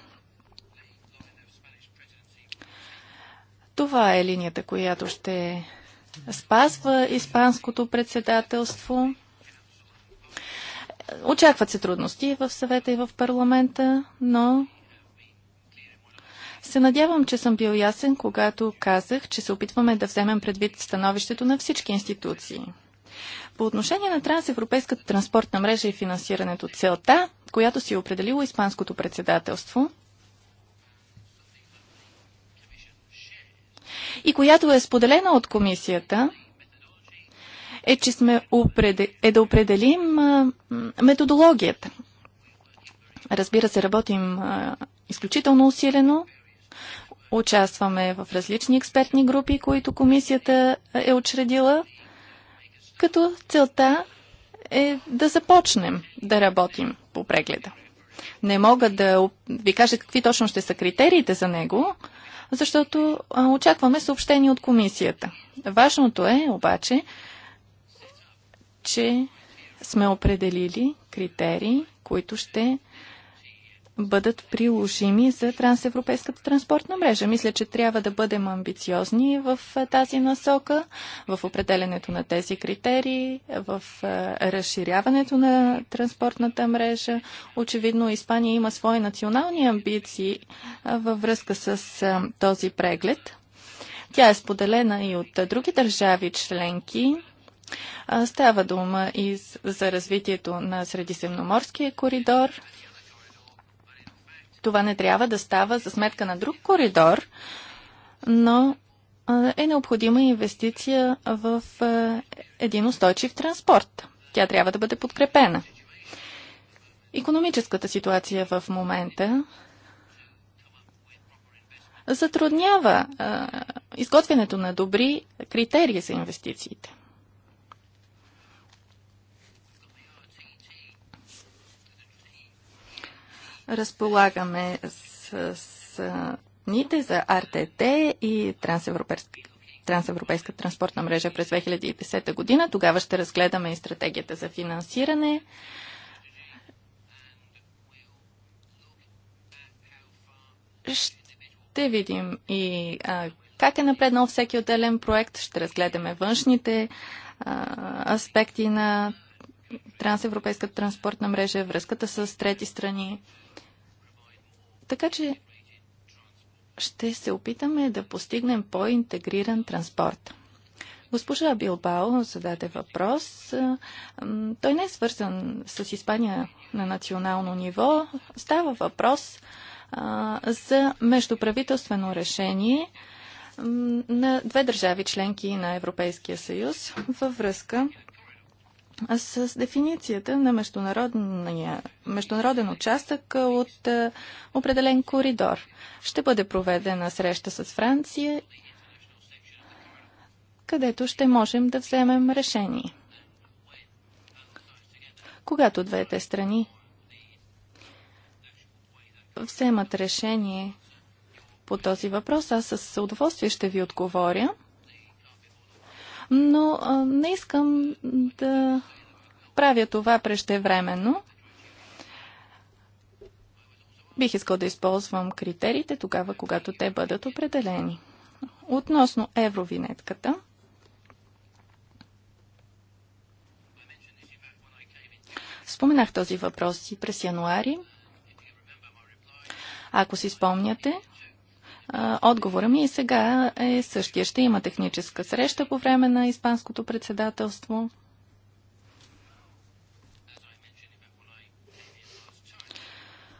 Това е линията, която ще спазва Испанското председателство. Очакват се трудности в съвета и в парламента, но се надявам, че съм бил ясен, когато казах, че се опитваме да вземем предвид становището на всички институции. По отношение на трансевропейската транспортна мрежа и финансирането, целта, която си е определило Испанското председателство, и която е споделена от комисията, е, че сме е да определим методологията. Разбира се, работим изключително усилено Участваме в различни експертни групи, които комисията е учредила, като целта е да започнем да работим по прегледа. Не мога да ви кажа какви точно ще са критериите за него, защото очакваме съобщение от комисията. Важното е обаче, че сме определили критерии, които ще бъдат приложими за трансевропейската транспортна мрежа. Мисля, че трябва да бъдем амбициозни в тази насока, в определенето на тези критерии, в разширяването на транспортната мрежа. Очевидно, Испания има свои национални амбиции във връзка с този преглед. Тя е споделена и от други държави членки. Става дума и за развитието на Средиземноморския коридор, това не трябва да става за сметка на друг коридор, но е необходима инвестиция в един устойчив транспорт. Тя трябва да бъде подкрепена. Економическата ситуация в момента затруднява изготвянето на добри критерии за инвестициите. Разполагаме с, с ните за РТТ и трансевропейска, трансевропейска транспортна мрежа през 2010 година. Тогава ще разгледаме и стратегията за финансиране. Ще видим и а, как е напреднал всеки отделен проект. Ще разгледаме външните а, аспекти на трансевропейската транспортна мрежа, връзката с трети страни. Така че ще се опитаме да постигнем по-интегриран транспорт. Госпожа Билбао зададе въпрос. Той не е свързан с Испания на национално ниво. Става въпрос за междуправителствено решение на две държави членки на Европейския съюз във връзка с дефиницията на международен участък от е, определен коридор. Ще бъде проведена среща с Франция, където ще можем да вземем решение. Когато двете страни вземат решение по този въпрос, аз с удоволствие ще ви отговоря – но а, не искам да правя това преждевременно. Бих искал да използвам критериите тогава, когато те бъдат определени. Относно евровинетката, споменах този въпрос и през януари. Ако си спомняте, отговора ми и сега е същия. Ще има техническа среща по време на Испанското председателство.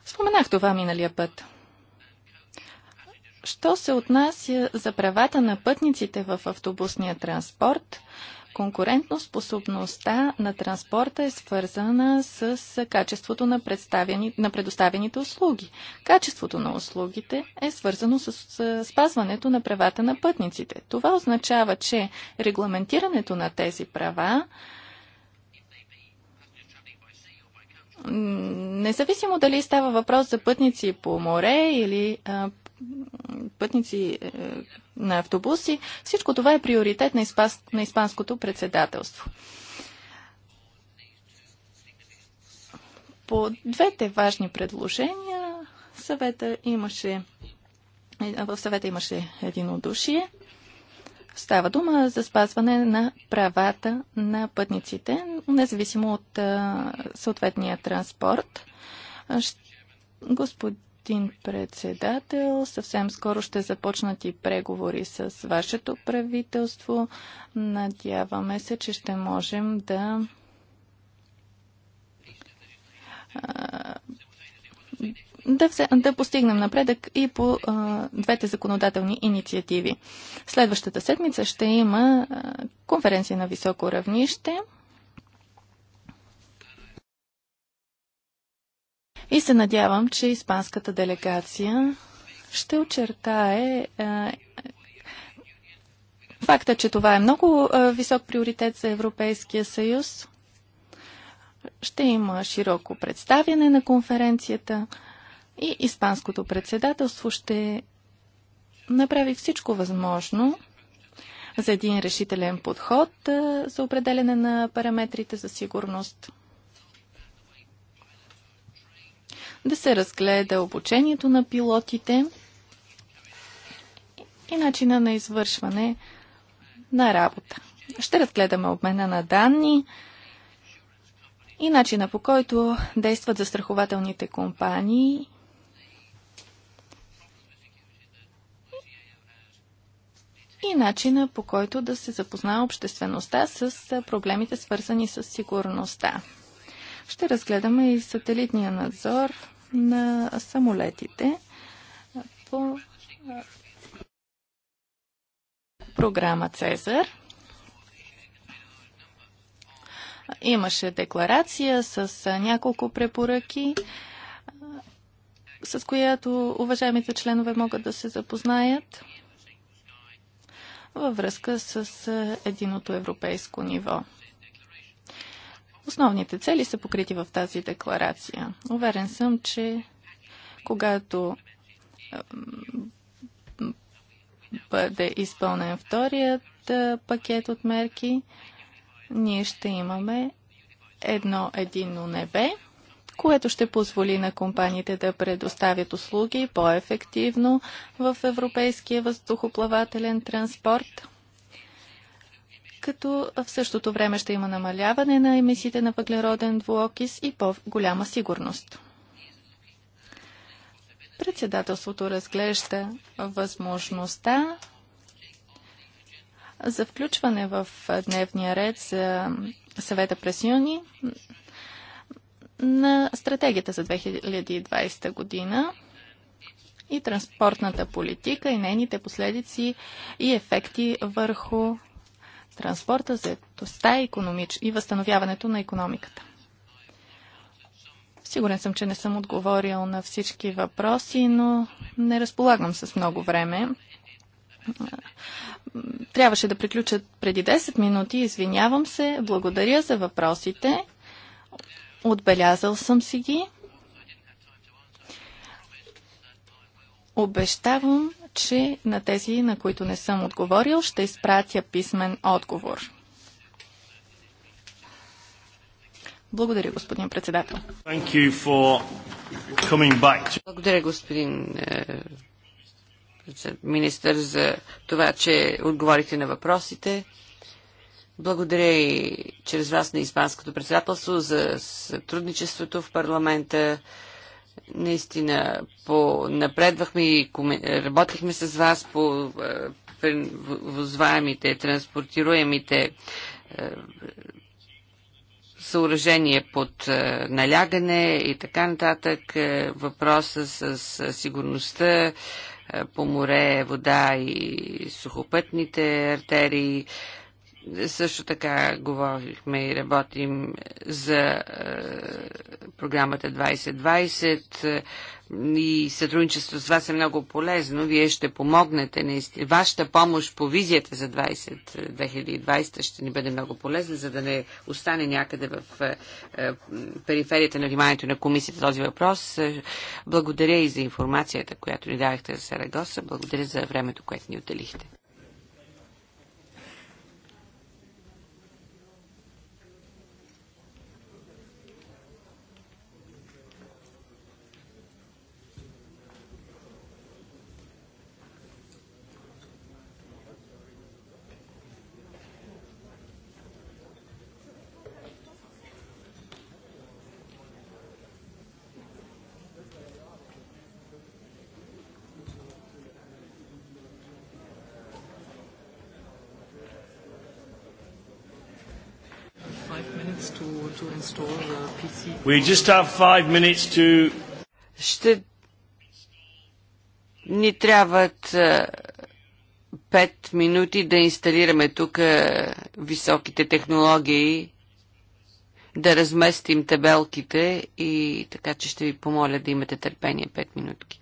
Споменах това миналия път. Що се отнася за правата на пътниците в автобусния транспорт, Конкурентноспособността на транспорта е свързана с качеството на, на предоставените услуги. Качеството на услугите е свързано с, с спазването на правата на пътниците. Това означава, че регламентирането на тези права независимо дали става въпрос за пътници по море или а, пътници е, на автобуси. Всичко това е приоритет на, испанс, на испанското председателство. По двете важни предложения съвета имаше, е, в съвета имаше единодушие. Става дума за спазване на правата на пътниците, независимо от е, съответния транспорт. Господин господин председател. Съвсем скоро ще започнат и преговори с вашето правителство. Надяваме се, че ще можем да да, взе, да постигнем напредък и по а, двете законодателни инициативи. Следващата седмица ще има а, конференция на високо равнище – И се надявам, че испанската делегация ще очертае е, факта, че това е много е, висок приоритет за Европейския съюз. Ще има широко представяне на конференцията и Испанското председателство ще направи всичко възможно за един решителен подход е, за определене на параметрите за сигурност. да се разгледа обучението на пилотите и начина на извършване на работа. Ще разгледаме обмена на данни и начина по който действат застрахователните компании и начина по който да се запознае обществеността с проблемите свързани с сигурността. Ще разгледаме и сателитния надзор на самолетите по програма Цезар. Имаше декларация с няколко препоръки, с която уважаемите членове могат да се запознаят във връзка с единото европейско ниво. Основните цели са покрити в тази декларация. Уверен съм, че когато бъде изпълнен вторият пакет от мерки, ние ще имаме едно единно небе, което ще позволи на компаниите да предоставят услуги по-ефективно в европейския въздухоплавателен транспорт като в същото време ще има намаляване на емисиите на въглероден двуокис и по-голяма сигурност. Председателството разглежда възможността за включване в дневния ред за съвета през юни на стратегията за 2020 година и транспортната политика и нейните последици и ефекти върху транспорта, заедостта и, економич... и възстановяването на економиката. Сигурен съм, че не съм отговорил на всички въпроси, но не разполагам с много време. Трябваше да приключат преди 10 минути. Извинявам се. Благодаря за въпросите. Отбелязал съм си ги. Обещавам, че на тези, на които не съм отговорил, ще изпратя писмен отговор. Благодаря, господин председател. Благодаря, господин е, министър, за това, че отговорихте на въпросите. Благодаря и чрез вас на Испанското председателство за сътрудничеството в парламента. Наистина, по, напредвахме и работихме с вас по е, возваемите, транспортируемите е, съоръжение под е, налягане и така нататък, въпроса с сигурността по море, вода и сухопътните артерии, също така говорихме и работим за е, програмата 2020 е, и сътрудничество с вас е много полезно. Вие ще помогнете. Наистина. Вашата помощ по визията за 20, 2020 ще ни бъде много полезна, за да не остане някъде в е, е периферията на вниманието на комисията този въпрос. Е, благодаря и за информацията, която ни давахте за Сарагоса. Благодаря за времето, което ни отделихте. Ще ни трябват е, пет минути да инсталираме тук е, високите технологии, да разместим табелките и така че ще ви помоля да имате търпение пет минутки.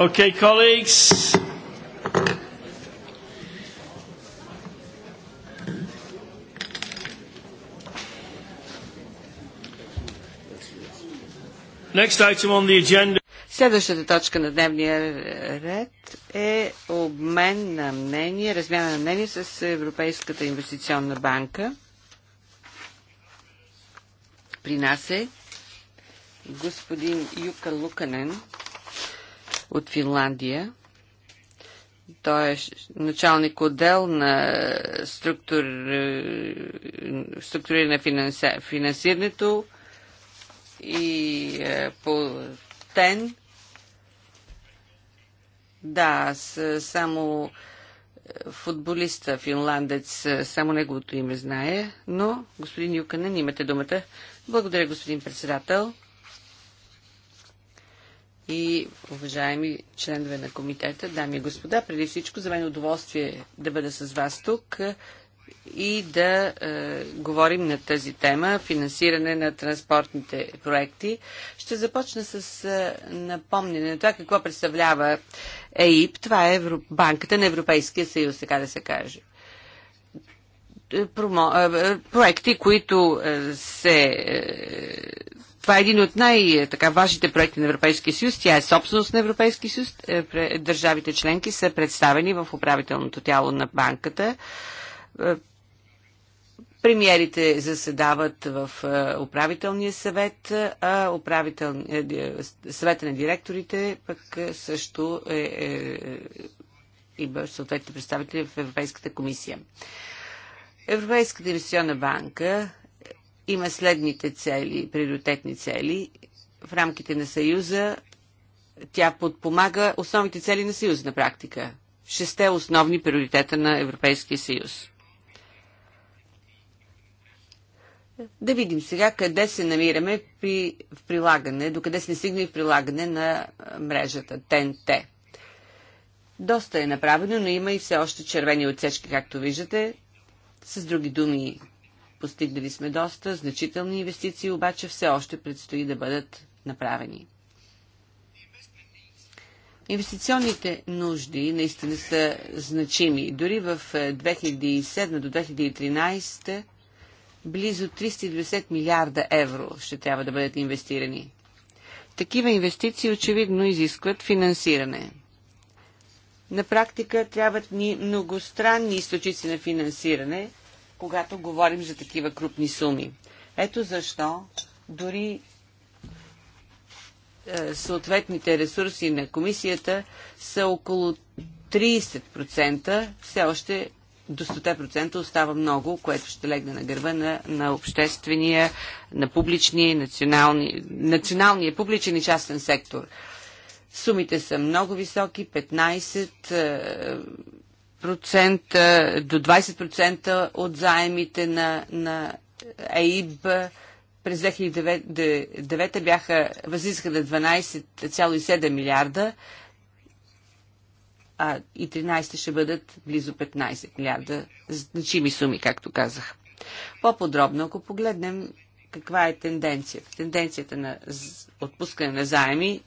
Okay, colleagues. Next item on the agenda. Следващата точка на дневния ред е обмен на мнение, размяна на мнение с Европейската инвестиционна банка. При нас е господин Юка Луканен, от Финландия. Той е началник отдел на структур, структури на финанси... финансирането и е, по ТЕН. Да, с, е, само е, футболиста финландец, е, само неговото име знае, но господин Юканен, имате думата. Благодаря, господин председател и уважаеми членове на комитета, дами и господа, преди всичко за мен е удоволствие да бъда с вас тук е, и да е, говорим на тази тема финансиране на транспортните проекти. Ще започна с е, напомнене на това какво представлява ЕИП. Това е Евро... банката на Европейския съюз, така да се каже е, проекти, които се това е един от най-важните е, проекти на Европейския съюз. Тя е собственост на Европейския съюз. Е, държавите членки са представени в управителното тяло на банката. Е, премиерите заседават в управителния съвет, а управител... съвета на директорите пък също е, е, има съответните представители в Европейската комисия. Европейската инвестиционна банка има следните цели, приоритетни цели в рамките на Съюза. Тя подпомага основните цели на Съюз на практика. Шесте основни приоритета на Европейския съюз. Да видим сега къде се намираме при, в прилагане, докъде сме стигнали в прилагане на мрежата ТНТ. Доста е направено, но има и все още червени отсечки, както виждате. С други думи, Постигнали сме доста значителни инвестиции, обаче все още предстои да бъдат направени. Инвестиционните нужди наистина са значими. Дори в 2007 е, до 2013 близо 390 милиарда евро ще трябва да бъдат инвестирани. Такива инвестиции очевидно изискват финансиране. На практика трябват ни многостранни източици на финансиране, когато говорим за такива крупни суми. Ето защо дори е, съответните ресурси на комисията са около 30%, все още до 100% остава много, което ще легне на гърба на, на обществения, на публичния, национални, националния публичен и частен сектор. Сумите са много високи, 15 20%, до 20% от заемите на, на ЕИБ през 2009 бяха, възлизаха на 12,7 милиарда а и 13 ще бъдат близо 15 милиарда. Значими суми, както казах. По-подробно, ако погледнем каква е тенденцията. Тенденцията на отпускане на заеми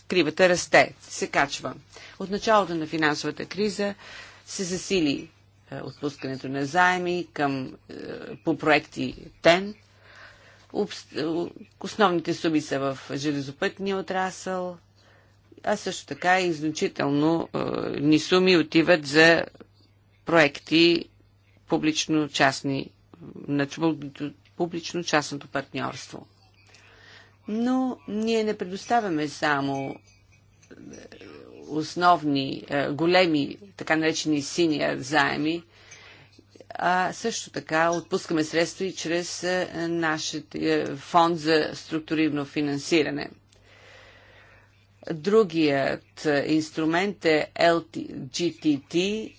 кривата расте, се качва. От началото на финансовата криза се засили е, отпускането на заеми към, е, по проекти ТЕН. Е, основните суми са в железопътния отрасъл, а също така и значително ни суми отиват за проекти публично-частни, публично-частното партньорство но ние не предоставяме само е, основни, е, големи, така наречени синия заеми, а също така отпускаме средства и чрез е, нашия фонд за структурирано финансиране. Другият инструмент е LGTT.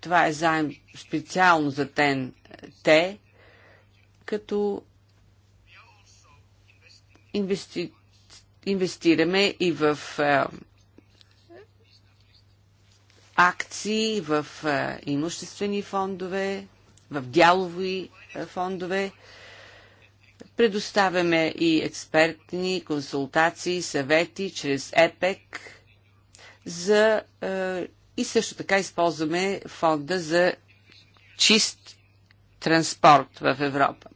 Това е заем специално за ТЕН-Т, като инвести... инвестираме и в а, акции, в а, имуществени фондове, в дялови а, фондове. Предоставяме и експертни консултации, съвети чрез ЕПЕК за, и също така използваме фонда за чист транспорт в Европа.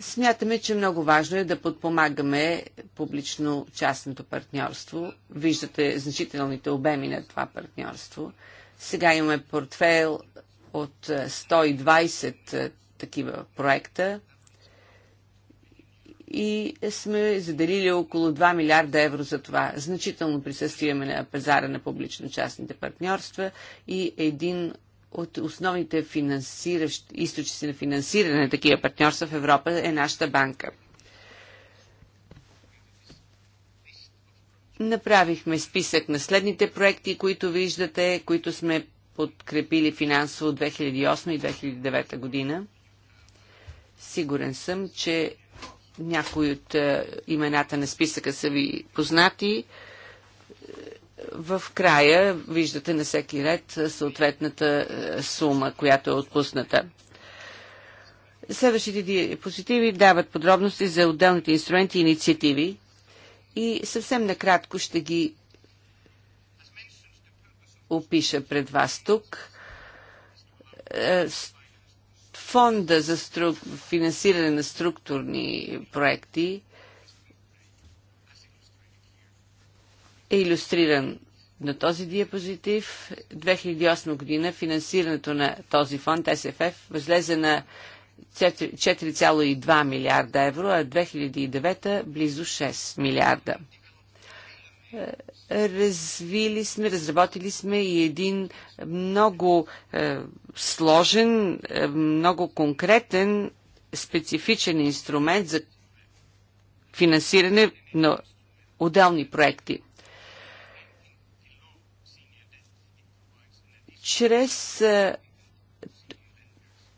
Смятаме, че много важно е да подпомагаме публично-частното партньорство. Виждате значителните обеми на това партньорство. Сега имаме портфейл от 120 е, е, такива проекта и сме заделили около 2 милиарда евро за това. Значително присъстваме на пазара на публично-частните партньорства и един от основните финансиращи източници на финансиране на такива партньорства в Европа е нашата банка. Направихме списък на следните проекти, които виждате, които сме подкрепили финансово 2008 и 2009 година. Сигурен съм, че някои от е, имената на списъка са ви познати в края виждате на всеки ред е, съответната е, сума, която е отпусната. Следващите диапозитиви дават подробности за отделните инструменти и инициативи и съвсем накратко ще ги опиша пред вас тук. Е, фонда за финансиране на структурни проекти е иллюстриран на този диапозитив. 2008 година финансирането на този фонд СФФ възлезе на 4,2 милиарда евро, а 2009 близо 6 милиарда. Е, развили сме, разработили сме и един много е, сложен, е, много конкретен, специфичен инструмент за финансиране на отделни проекти. чрез е,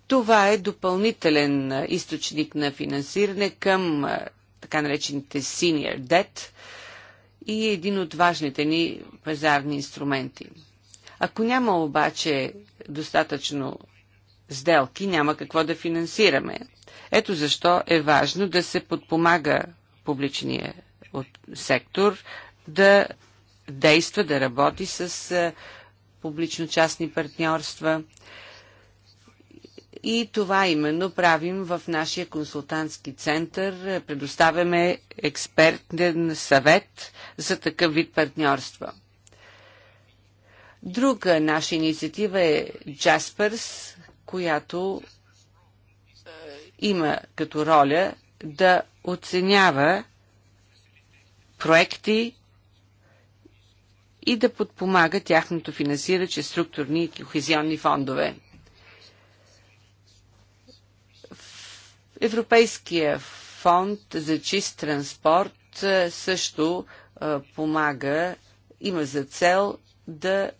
това е допълнителен е, източник на финансиране към е, така наречените senior debt и един от важните ни пазарни инструменти. Ако няма обаче достатъчно сделки, няма какво да финансираме. Ето защо е важно да се подпомага публичния сектор да действа, да работи с публично-частни партньорства. И това именно правим в нашия консултантски център. Предоставяме експертен съвет за такъв вид партньорства. Друга наша инициатива е Jaspers, която е, има като роля да оценява проекти и да подпомага тяхното финансиране чрез структурни и кохезионни фондове. Европейския фонд за чист транспорт е, също е, помага, има за цел да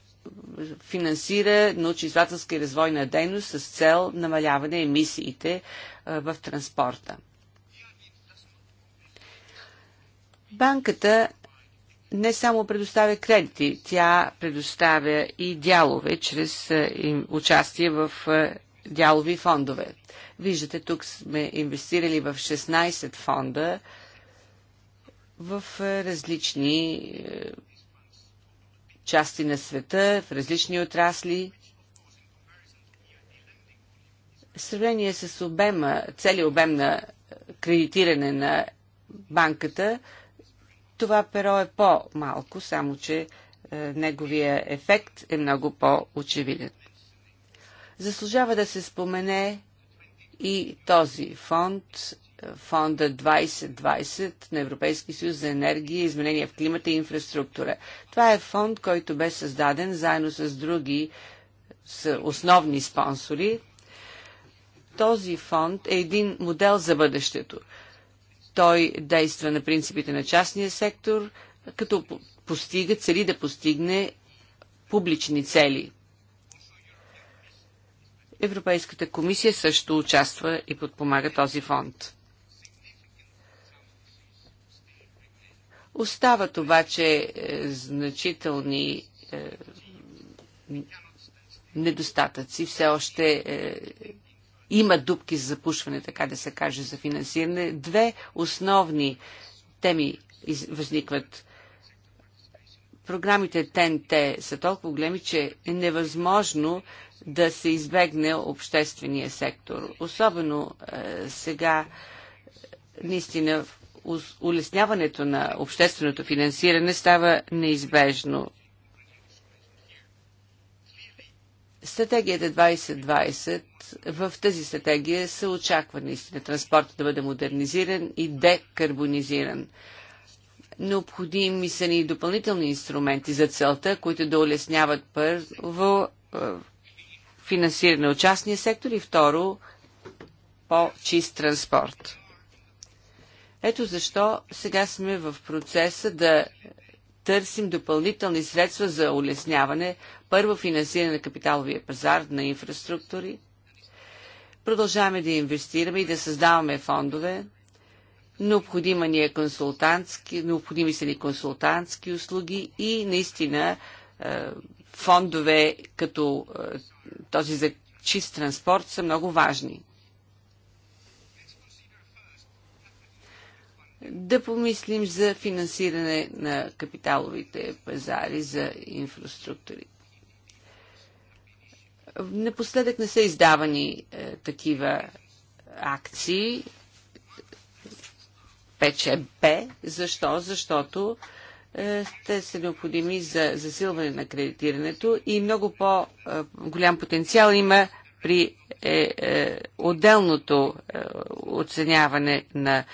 финансира научно-изследователска и развойна дейност с цел намаляване емисиите е, в транспорта. Банката не само предоставя кредити, тя предоставя и дялове чрез е, участие в е, дялови фондове. Виждате, тук сме инвестирали в 16 фонда в е, различни части на света, в различни отрасли. В сравнение с обема, целият обем на кредитиране на банката, това перо е по-малко, само че е, неговия ефект е много по-очевиден. Заслужава да се спомене и този фонд, е, фонда 2020 на Европейския съюз за енергия, изменения в климата и инфраструктура. Това е фонд, който бе създаден заедно с други с основни спонсори. Този фонд е един модел за бъдещето. Той действа на принципите на частния сектор, като постига, цели да постигне публични цели. Европейската комисия също участва и подпомага този фонд. Остават обаче е, значителни е, недостатъци. Все още е, има дупки за запушване, така да се каже, за финансиране. Две основни теми възникват. Програмите ТНТ са толкова големи, че е невъзможно да се избегне обществения сектор. Особено е, сега, наистина, улесняването на общественото финансиране става неизбежно. Стратегията 2020 в тази стратегия се очаква наистина транспорта да бъде модернизиран и декарбонизиран. Необходими са ни допълнителни инструменти за целта, които да улесняват първо е, финансиране от частния сектор и второ по-чист транспорт. Ето защо сега сме в процеса да търсим допълнителни средства за улесняване, първо финансиране на капиталовия пазар на инфраструктури, Продължаваме да инвестираме и да създаваме фондове. Необходима ни е консултантски, необходими са ни консултантски услуги и наистина е, фондове като е, този за чист транспорт са много важни. Да помислим за финансиране на капиталовите пазари, за инфраструктурите. Напоследък не са издавани е, такива акции 5 б Защо? Защото е, те са необходими за засилване на кредитирането и много по-голям е, потенциал има при е, е, отделното е, оценяване на е,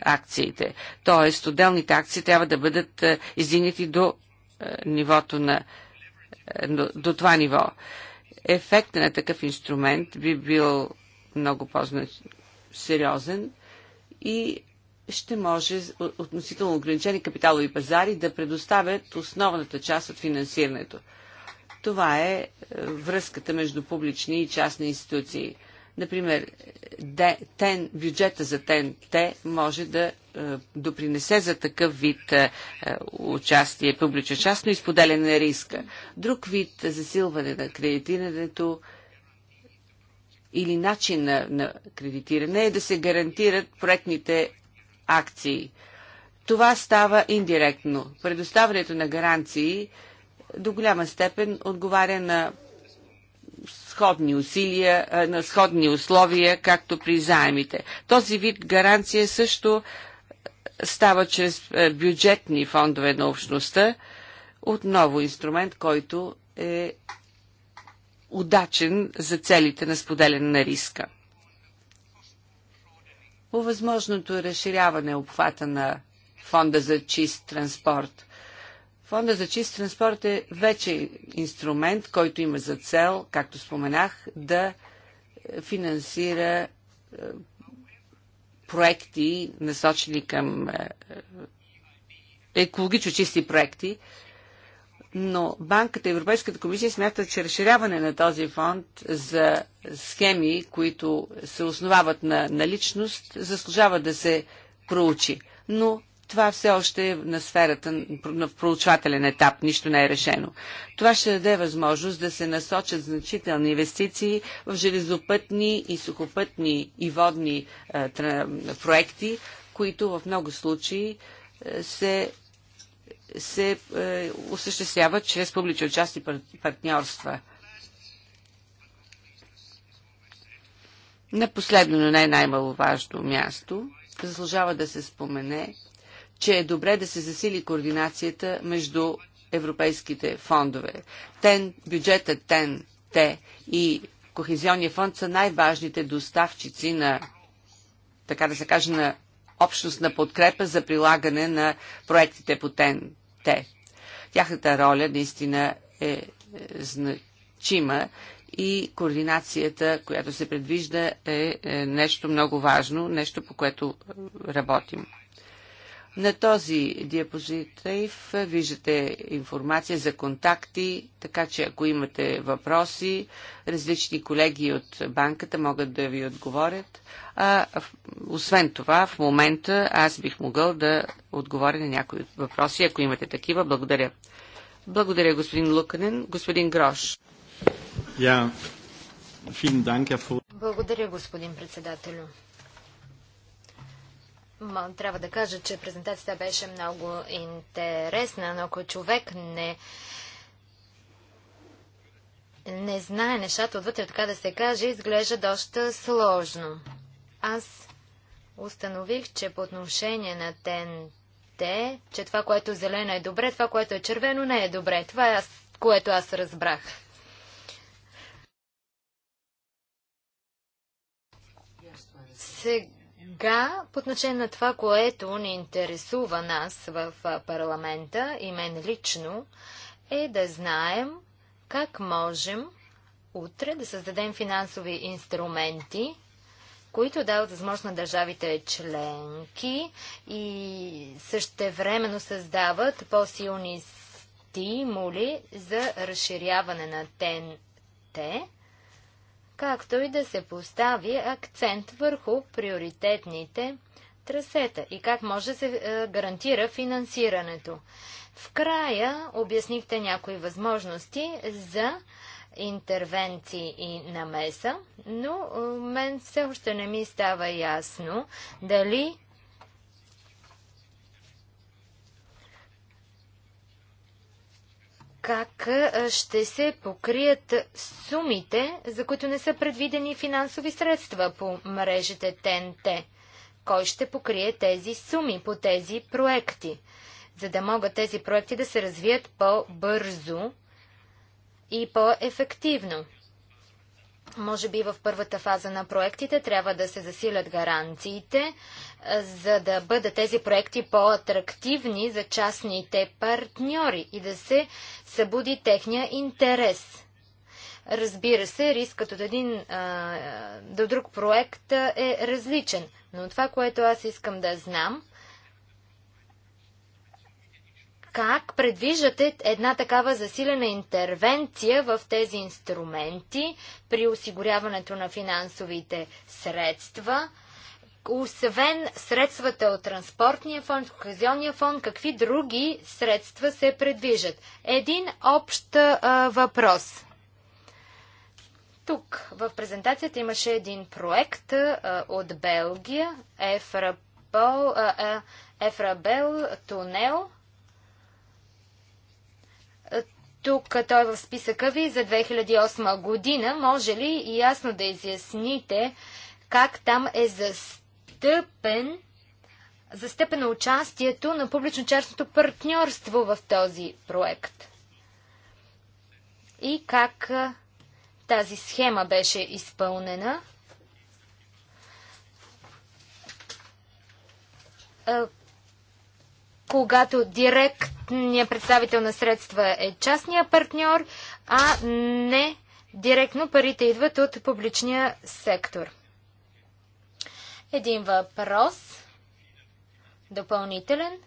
акциите. Тоест, отделните акции трябва да бъдат е, издигнати до е, нивото на е, до, до това ниво. Е, ефекта на такъв инструмент би бил много по-сериозен и ще може относително ограничени капиталови пазари да предоставят основната част от финансирането. Това е, е връзката между публични и частни институции. Например, де, тен, бюджета за ТЕН ТЕН-Т може да е, допринесе за такъв вид е, е, участие, публично-частно и споделяне на риска. Друг вид засилване на кредитирането или начин на, на кредитиране е да се гарантират проектните акции. Това става индиректно. Предоставянето на гаранции до голяма степен отговаря на сходни усилия, на сходни условия, както при заемите. Този вид гаранция също става чрез е, бюджетни фондове на общността. Отново инструмент, който е удачен за целите на споделяне на риска. По възможното разширяване обхвата на фонда за чист транспорт. Фонда за чист транспорт е вече инструмент, който има за цел, както споменах, да финансира е, проекти, насочени към е, е, екологично чисти проекти, но банката Европейската комисия смята, че разширяване на този фонд за схеми, които се основават на наличност, заслужава да се проучи. Но това все още е на сферата на проучвателен етап, нищо не е решено. Това ще даде възможност да се насочат значителни инвестиции в железопътни и сухопътни и водни е, проекти, които в много случаи се, се е, осъществяват чрез публично-частни партньорства. На последно, но не най-маловажно място, заслужава да се спомене, че е добре да се засили координацията между европейските фондове. Тен, бюджета ТЕН, Т и Кохезионния фонд са най-важните доставчици на, така да се каже, на общност на подкрепа за прилагане на проектите по ТЕН, Т. Тяхната роля наистина е, е значима и координацията, която се предвижда, е, е нещо много важно, нещо по което работим. На този диапозитив виждате информация за контакти, така че ако имате въпроси, различни колеги от банката могат да ви отговорят. А, освен това, в момента аз бих могъл да отговоря на някои въпроси, ако имате такива. Благодаря. Благодаря, господин Луканен. Господин Грош. Yeah. Благодаря, господин председателю. Трябва да кажа, че презентацията беше много интересна, но ако човек не не знае нещата отвътре, така да се каже, изглежда доста сложно. Аз установих, че по отношение на ТНТ, че това, което е зелено е добре, това, което е червено не е добре. Това е аз, което аз разбрах. Сега сега, по отношение на това, което ни интересува нас в парламента и мен лично, е да знаем как можем утре да създадем финансови инструменти, които дават възможност на държавите членки и същевременно създават по-силни стимули за разширяване на ТНТ както и да се постави акцент върху приоритетните трасета и как може да се е, гарантира финансирането. В края обяснихте някои възможности за интервенции и намеса, но е, мен все още не ми става ясно дали как ще се покрият сумите, за които не са предвидени финансови средства по мрежите ТНТ? Кой ще покрие тези суми по тези проекти, за да могат тези проекти да се развият по-бързо и по-ефективно? Може би в първата фаза на проектите трябва да се засилят гаранциите, е, за да бъдат тези проекти по-атрактивни за частните партньори и да се събуди техния интерес. Разбира се, рискът от един а, е, до друг проект е различен, но това, което аз искам да знам, как предвиждате една такава засилена интервенция в тези инструменти при осигуряването на финансовите средства? Освен средствата от транспортния фонд, коказионния фонд, какви други средства се предвижат? Един общ а, въпрос. Тук в презентацията имаше един проект а, от Белгия, Ефрабел, Ефрабел Тунел тук той е в списъка ви за 2008 година. Може ли ясно да изясните как там е застъпен, застъпено участието на публично-частното партньорство в този проект? И как тази схема беше изпълнена? когато директ ние представител на средства е частния партньор, а не директно парите идват от публичния сектор. Един въпрос допълнителен.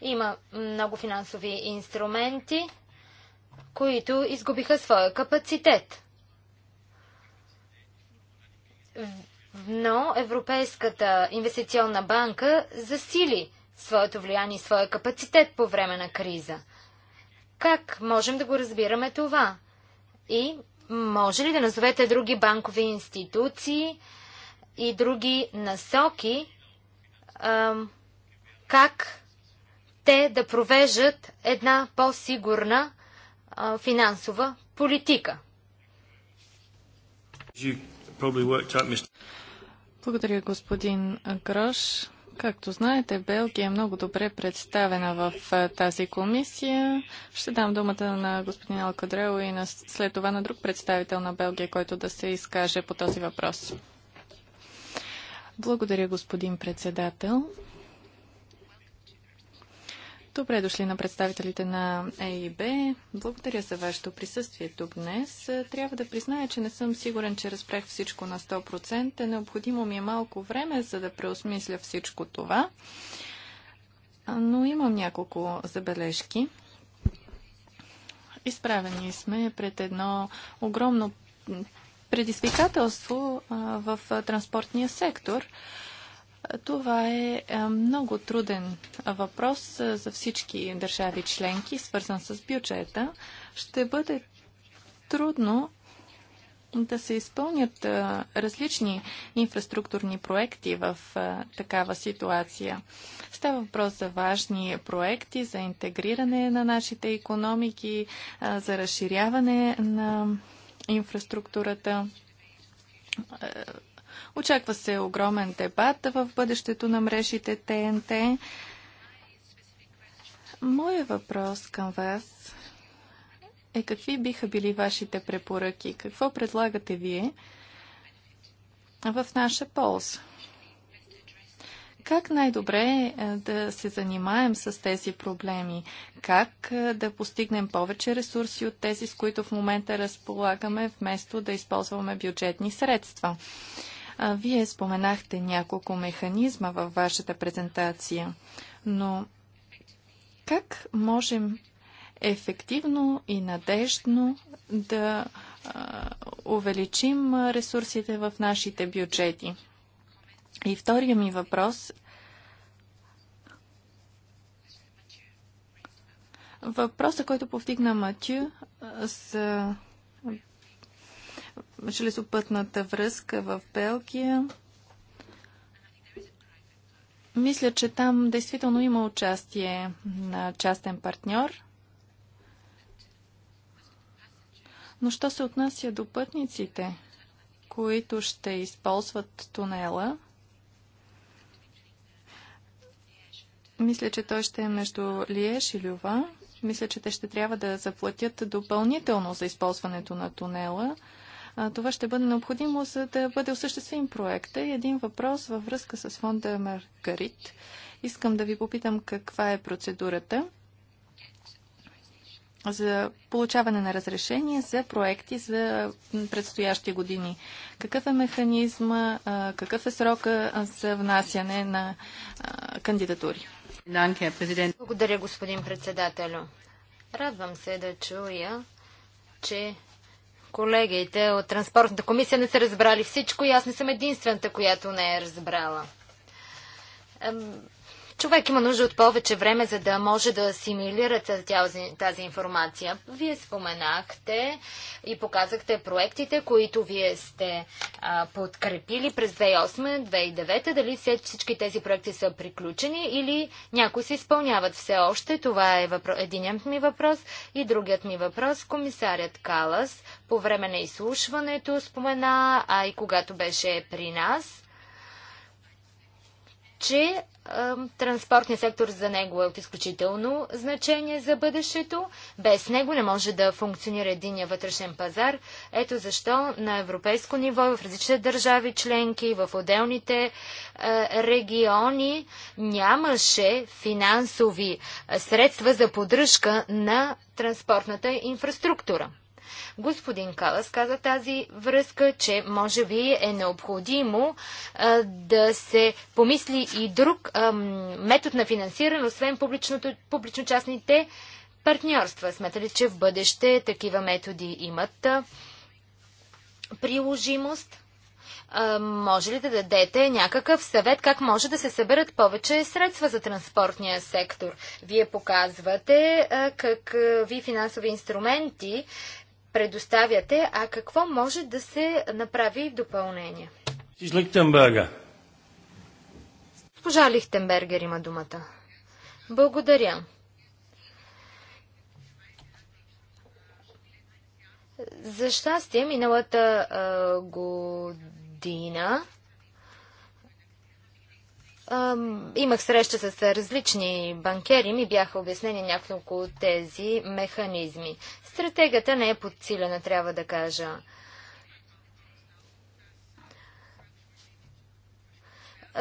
Има много финансови инструменти, които изгубиха своя капацитет. Но Европейската инвестиционна банка засили своето влияние и своя капацитет по време на криза. Как можем да го разбираме това? И може ли да назовете други банкови институции и други насоки, ам, как те да провежат една по-сигурна финансова политика? Благодаря, господин Грош. Както знаете, Белгия е много добре представена в е, тази комисия. Ще дам думата на господин Алкадрел и на, след това на друг представител на Белгия, който да се изкаже по този въпрос. Благодаря, господин председател. Добре дошли на представителите на ЕИБ. Благодаря за вашето присъствие тук днес. Трябва да призная, че не съм сигурен, че разпрех всичко на 100%. Необходимо ми е малко време, за да преосмисля всичко това. Но имам няколко забележки. Изправени сме пред едно огромно предизвикателство в транспортния сектор – това е, е много труден въпрос е, за всички държави членки, свързан с бюджета. Ще бъде трудно да се изпълнят е, различни инфраструктурни проекти в такава ситуация. Става въпрос за важни проекти, за интегриране на нашите економики, за разширяване на инфраструктурата Очаква се огромен дебат в бъдещето на мрежите ТНТ. Моя въпрос към вас е какви биха били вашите препоръки? Какво предлагате вие в наша полза? Как най-добре е, да се занимаем с тези проблеми? Как е, да постигнем повече ресурси от тези, с които в момента разполагаме, вместо да използваме бюджетни средства? А, вие споменахте няколко механизма във вашата презентация, но как можем ефективно и надеждно да а, увеличим ресурсите в нашите бюджети? И втория ми въпрос Въпросът, който повдигна Матю за железопътната връзка в Белгия. Мисля, че там действително има участие на частен партньор. Но що се отнася до пътниците, които ще използват тунела, мисля, че той ще е между Лиеш и Люва. Мисля, че те ще трябва да заплатят допълнително за използването на тунела. Това ще бъде необходимо, за да бъде осъществим проекта. И един въпрос във връзка с фонда Маргарит. Искам да ви попитам каква е процедурата за получаване на разрешение за проекти за предстоящи години. Какъв е механизма, какъв е срока за внасяне на кандидатури? Благодаря, господин председател. Радвам се да чуя, че Колегите от Транспортната комисия не са разбрали всичко и аз не съм единствената, която не е разбрала човек има нужда от повече време, за да може да асимилира тази, тази информация. Вие споменахте и показахте проектите, които вие сте а, подкрепили през 2008-2009. Дали всички тези проекти са приключени или някои се изпълняват все още? Това е въпро... единият ми въпрос. И другият ми въпрос. Комисарят Калас по време на изслушването спомена, а и когато беше при нас, че транспортният сектор за него е от изключително значение за бъдещето. Без него не може да функционира единия вътрешен пазар. Ето защо на европейско ниво, в различните държави членки, в отделните е, региони нямаше финансови средства за поддръжка на транспортната инфраструктура. Господин Калас каза тази връзка, че може би е необходимо а, да се помисли и друг а, метод на финансиране, освен публично-частните партньорства. ли, че в бъдеще такива методи имат а, приложимост? може ли да дадете някакъв съвет как може да се съберат повече средства за транспортния сектор? Вие показвате какви финансови инструменти предоставяте, а какво може да се направи в допълнение? Лихтенберга. Госпожа Лихтенбергер има думата. Благодаря. За щастие, миналата а, година а, имах среща с различни банкери, ми бяха обяснени няколко тези механизми. Стратегията не е подсилена, трябва да кажа.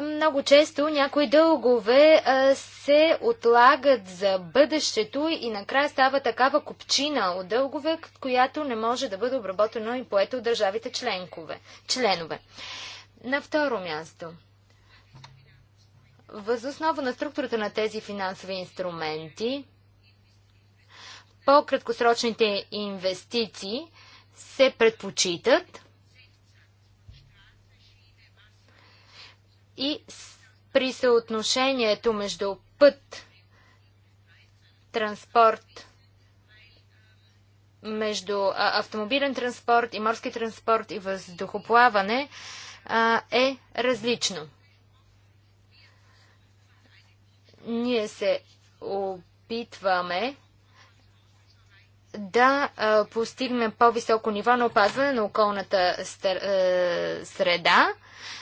Много често някои дългове а, се отлагат за бъдещето и накрая става такава купчина от дългове, която не може да бъде обработена и поета от държавите членкове, членове. На второ място. Възоснова на структурата на тези финансови инструменти, по-краткосрочните инвестиции се предпочитат и при съотношението между път, транспорт, между автомобилен транспорт и морски транспорт и въздухоплаване е различно. Ние се опитваме да постигнем по-високо ниво на опазване на околната среда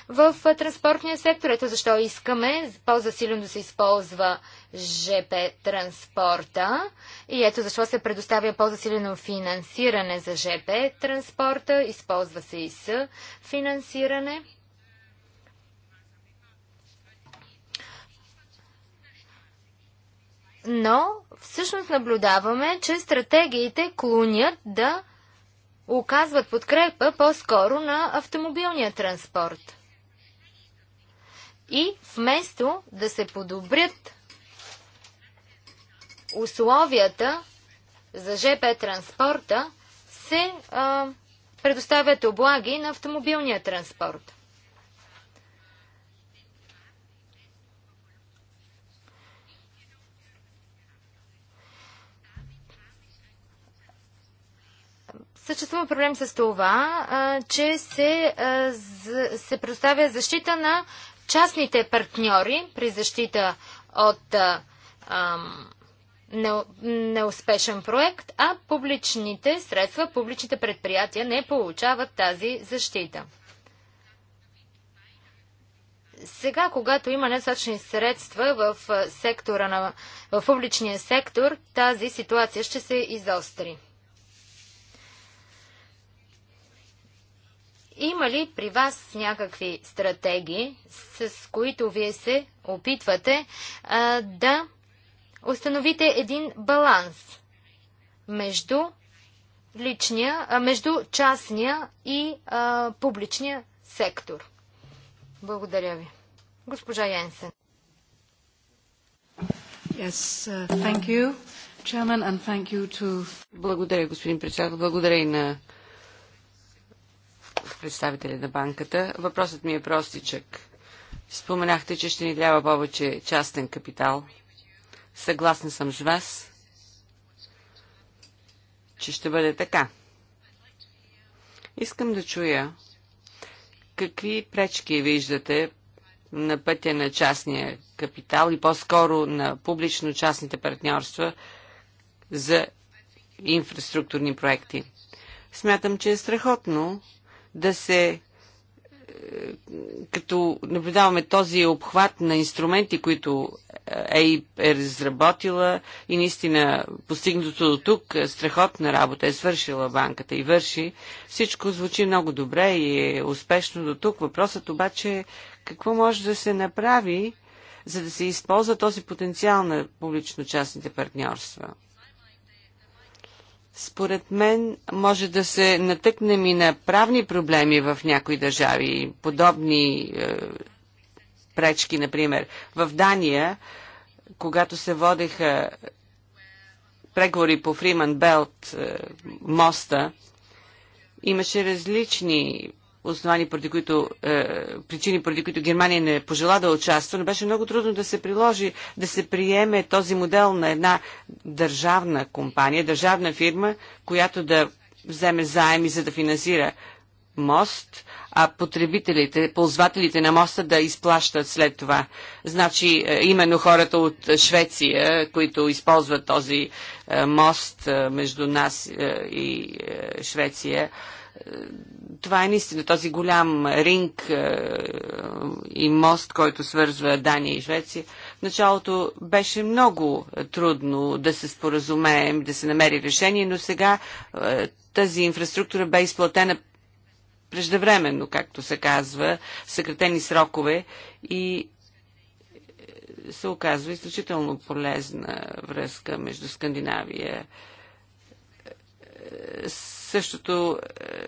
в транспортния сектор. Ето защо искаме по-засилено да се използва ЖП транспорта и ето защо се предоставя по-засилено финансиране за ЖП транспорта. Използва се и с финансиране. но всъщност наблюдаваме, че стратегиите клонят да оказват подкрепа по-скоро на автомобилния транспорт. И вместо да се подобрят условията за ЖП транспорта, се а, предоставят облаги на автомобилния транспорт. Съществува проблем с това, че се, се предоставя защита на частните партньори при защита от неуспешен проект, а публичните средства, публичните предприятия не получават тази защита. Сега, когато има недостатъчни средства в, сектора на, в публичния сектор, тази ситуация ще се изостри. Има ли при вас някакви стратегии, с които вие се опитвате а, да установите един баланс между личния, а, между частния и а, публичния сектор? Благодаря ви. Госпожа Янсен. Yes, uh, thank you, Chairman, and thank you to... Благодаря, господин председател. Благодаря и на представителя на банката. Въпросът ми е простичък. Споменахте, че ще ни трябва повече частен капитал. Съгласна съм с вас, че ще бъде така. Искам да чуя какви пречки виждате на пътя на частния капитал и по-скоро на публично-частните партньорства за инфраструктурни проекти. Смятам, че е страхотно, да се е, като наблюдаваме този обхват на инструменти, които ЕИП е разработила и наистина постигнато до тук е, страхотна работа е свършила банката и върши. Всичко звучи много добре и е успешно до тук. Въпросът обаче е какво може да се направи, за да се използва този потенциал на публично-частните партньорства според мен може да се натъкнем и на правни проблеми в някои държави, подобни е, пречки, например. В Дания, когато се водеха преговори по Фриман Белт, е, моста, имаше различни основани, преди които, е, причини, преди които Германия не пожела да участва, но беше много трудно да се приложи, да се приеме този модел на една държавна компания, държавна фирма, която да вземе заеми за да финансира мост, а потребителите, ползвателите на моста да изплащат след това. Значи, е, именно хората от Швеция, които използват този е, мост е, между нас и Швеция, това е наистина този голям ринг е, и мост, който свързва Дания и Швеция. В началото беше много трудно да се споразумеем, да се намери решение, но сега е, тази инфраструктура бе изплатена преждевременно, както се казва, съкратени срокове и е, се оказва изключително полезна връзка между Скандинавия с Същото е,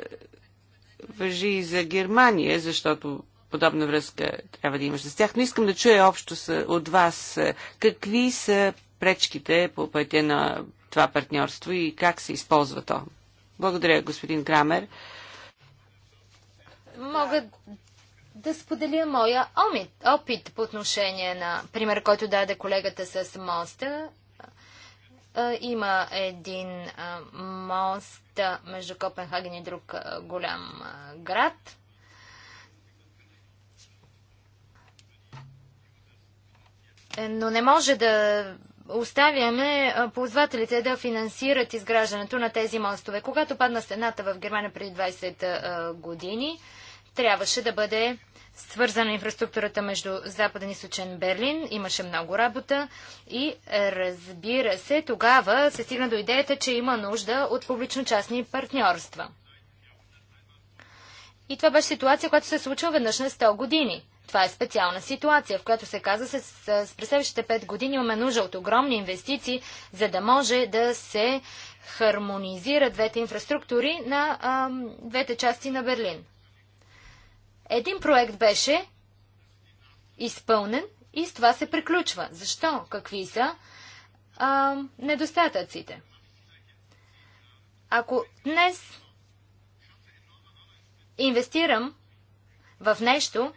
въжи и за Германия, защото подобна връзка трябва да имаш с тях. Но искам да чуя общо от вас е, какви са пречките по пътя на това партньорство и как се използва то. Благодаря, господин Крамер. Мога да споделя моя опит по отношение на пример, който даде колегата с моста има един мост между Копенхаген и друг голям град. Е, но не може да оставяме ползвателите да финансират изграждането на тези мостове. Когато падна стената в Германия преди 20 години, трябваше да бъде свързана инфраструктурата между Западен и Сочен Берлин. Имаше много работа и разбира се, тогава се стигна до идеята, че има нужда от публично-частни партньорства. И това беше ситуация, която се случва веднъж на 100 години. Това е специална ситуация, в която се казва, с, с през следващите 5 години имаме нужда от огромни инвестиции, за да може да се хармонизира двете инфраструктури на а, двете части на Берлин. Един проект беше изпълнен и с това се приключва. Защо? Какви са а, недостатъците? Ако днес инвестирам в нещо,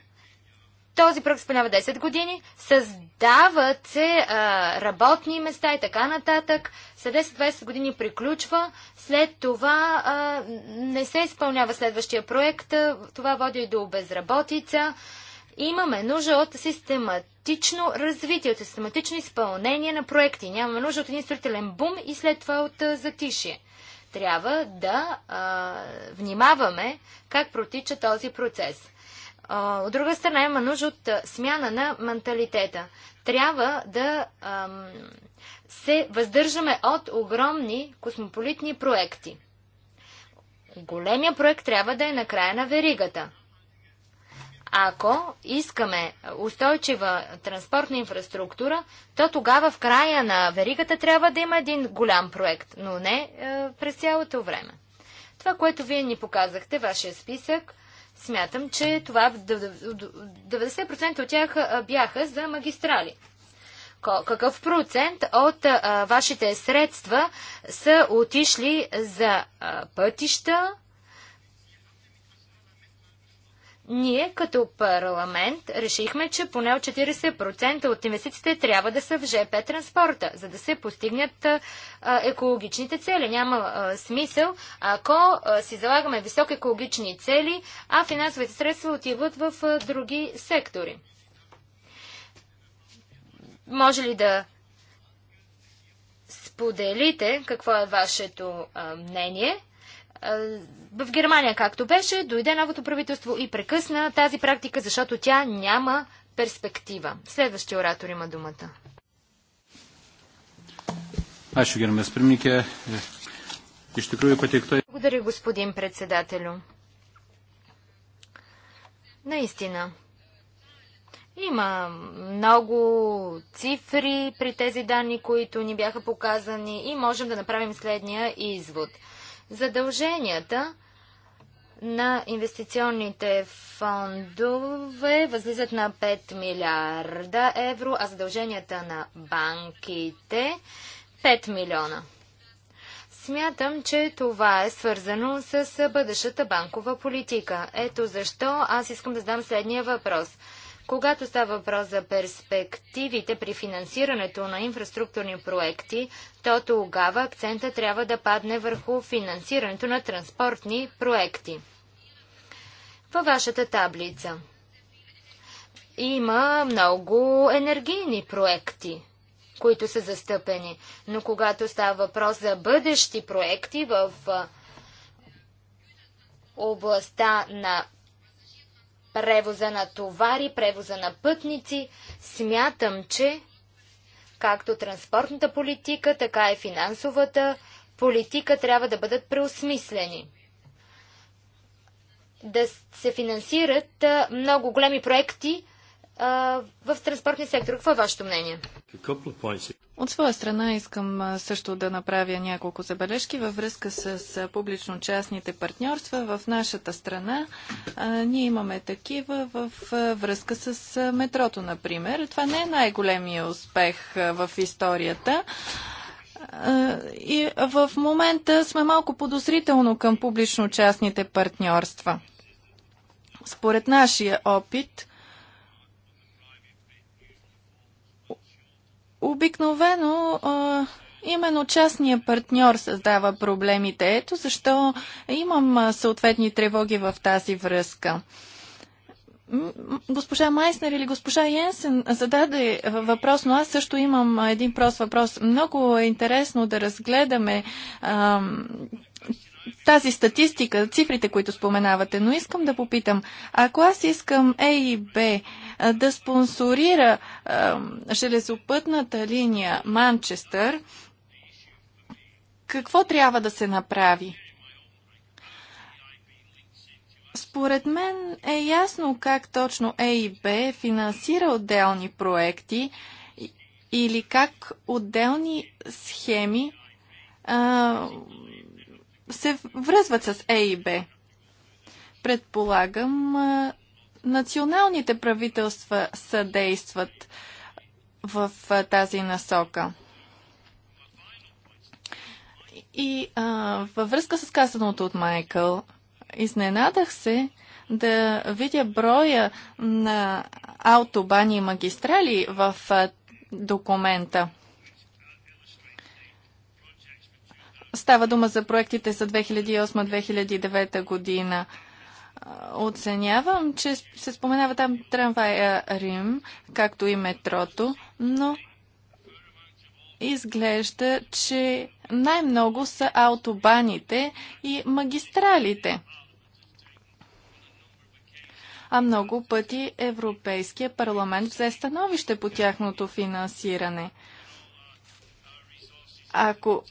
този проект споменава 10 години. Създават се а, работни места и така нататък. След 10-20 години приключва. След това а, не се изпълнява следващия проект. Това води и до безработица. Имаме нужда от систематично развитие, от систематично изпълнение на проекти. Нямаме нужда от един строителен бум и след това от а, затишие. Трябва да а, внимаваме как протича този процес от друга страна има нужда от смяна на менталитета. Трябва да ам, се въздържаме от огромни космополитни проекти. Големия проект трябва да е на края на веригата. Ако искаме устойчива транспортна инфраструктура, то тогава в края на веригата трябва да има един голям проект, но не е, през цялото време. Това, което вие ни показахте, вашия списък – Смятам, че това 90% от тях бяха за магистрали. Какъв процент от а, вашите средства са отишли за а, пътища, ние като парламент решихме, че поне от 40% от инвестициите трябва да са в ЖП транспорта, за да се постигнат а, екологичните цели. Няма а, смисъл, ако а, си залагаме високи екологични цели, а финансовите средства отиват в а, други сектори. Може ли да споделите какво е вашето а, мнение? в Германия, както беше, дойде новото правителство и прекъсна тази практика, защото тя няма перспектива. Следващия оратор има думата. Благодаря, господин председателю. Наистина. Има много цифри при тези данни, които ни бяха показани и можем да направим следния извод – Задълженията на инвестиционните фондове възлизат на 5 милиарда евро, а задълженията на банките 5 милиона. Смятам, че това е свързано с бъдещата банкова политика. Ето защо аз искам да задам следния въпрос – когато става въпрос за перспективите при финансирането на инфраструктурни проекти, то тогава акцента трябва да падне върху финансирането на транспортни проекти. Във вашата таблица има много енергийни проекти които са застъпени. Но когато става въпрос за бъдещи проекти в областта на превоза на товари, превоза на пътници. Смятам, че както транспортната политика, така и финансовата политика трябва да бъдат преосмислени. Да се финансират много големи проекти в транспортния сектор. Какво е вашето мнение? От своя страна искам също да направя няколко забележки във връзка с публично-частните партньорства. В нашата страна ние имаме такива в връзка с метрото, например. Това не е най-големия успех в историята. И в момента сме малко подозрително към публично-частните партньорства. Според нашия опит, Обикновено а, именно частния партньор създава проблемите. Ето защо имам съответни тревоги в тази връзка. Госпожа Майснер или госпожа Йенсен зададе въпрос, но аз също имам един прост въпрос. Много е интересно да разгледаме а, тази статистика, цифрите, които споменавате, но искам да попитам, ако аз искам Е и Б да спонсорира а, железопътната линия Манчестър, какво трябва да се направи? Според мен е ясно как точно Е и Б финансира отделни проекти или как отделни схеми а, се връзват с Е и Б. Предполагам, националните правителства съдействат в тази насока. И а, във връзка с казаното от Майкъл, изненадах се да видя броя на автобани и магистрали в документа. Става дума за проектите за 2008-2009 година. Оценявам, че се споменава там трамвая Рим, както и метрото, но изглежда, че най-много са автобаните и магистралите. А много пъти Европейския парламент взе становище по тяхното финансиране. Ако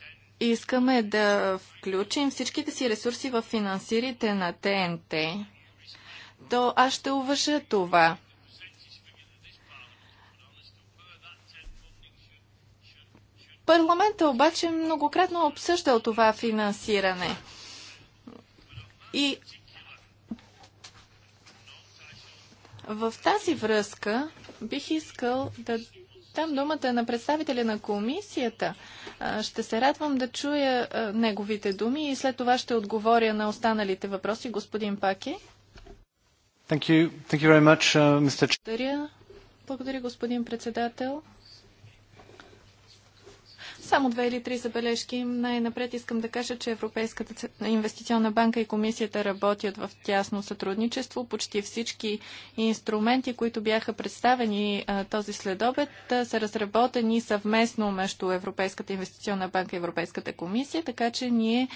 Искаме да включим всичките си ресурси в финансирите на ТНТ. То аз ще уважа това. Парламента обаче многократно обсъждал това финансиране. И в тази връзка бих искал да там думата е на представителя на комисията. Ще се радвам да чуя неговите думи и след това ще отговоря на останалите въпроси. Господин Паки. Thank you. Thank you much, uh, Благодаря, господин председател. Само две или три забележки. Най-напред искам да кажа, че Европейската инвестиционна банка и комисията работят в тясно сътрудничество. Почти всички инструменти, които бяха представени този следобед, са разработени съвместно между Европейската инвестиционна банка и Европейската комисия, така че ние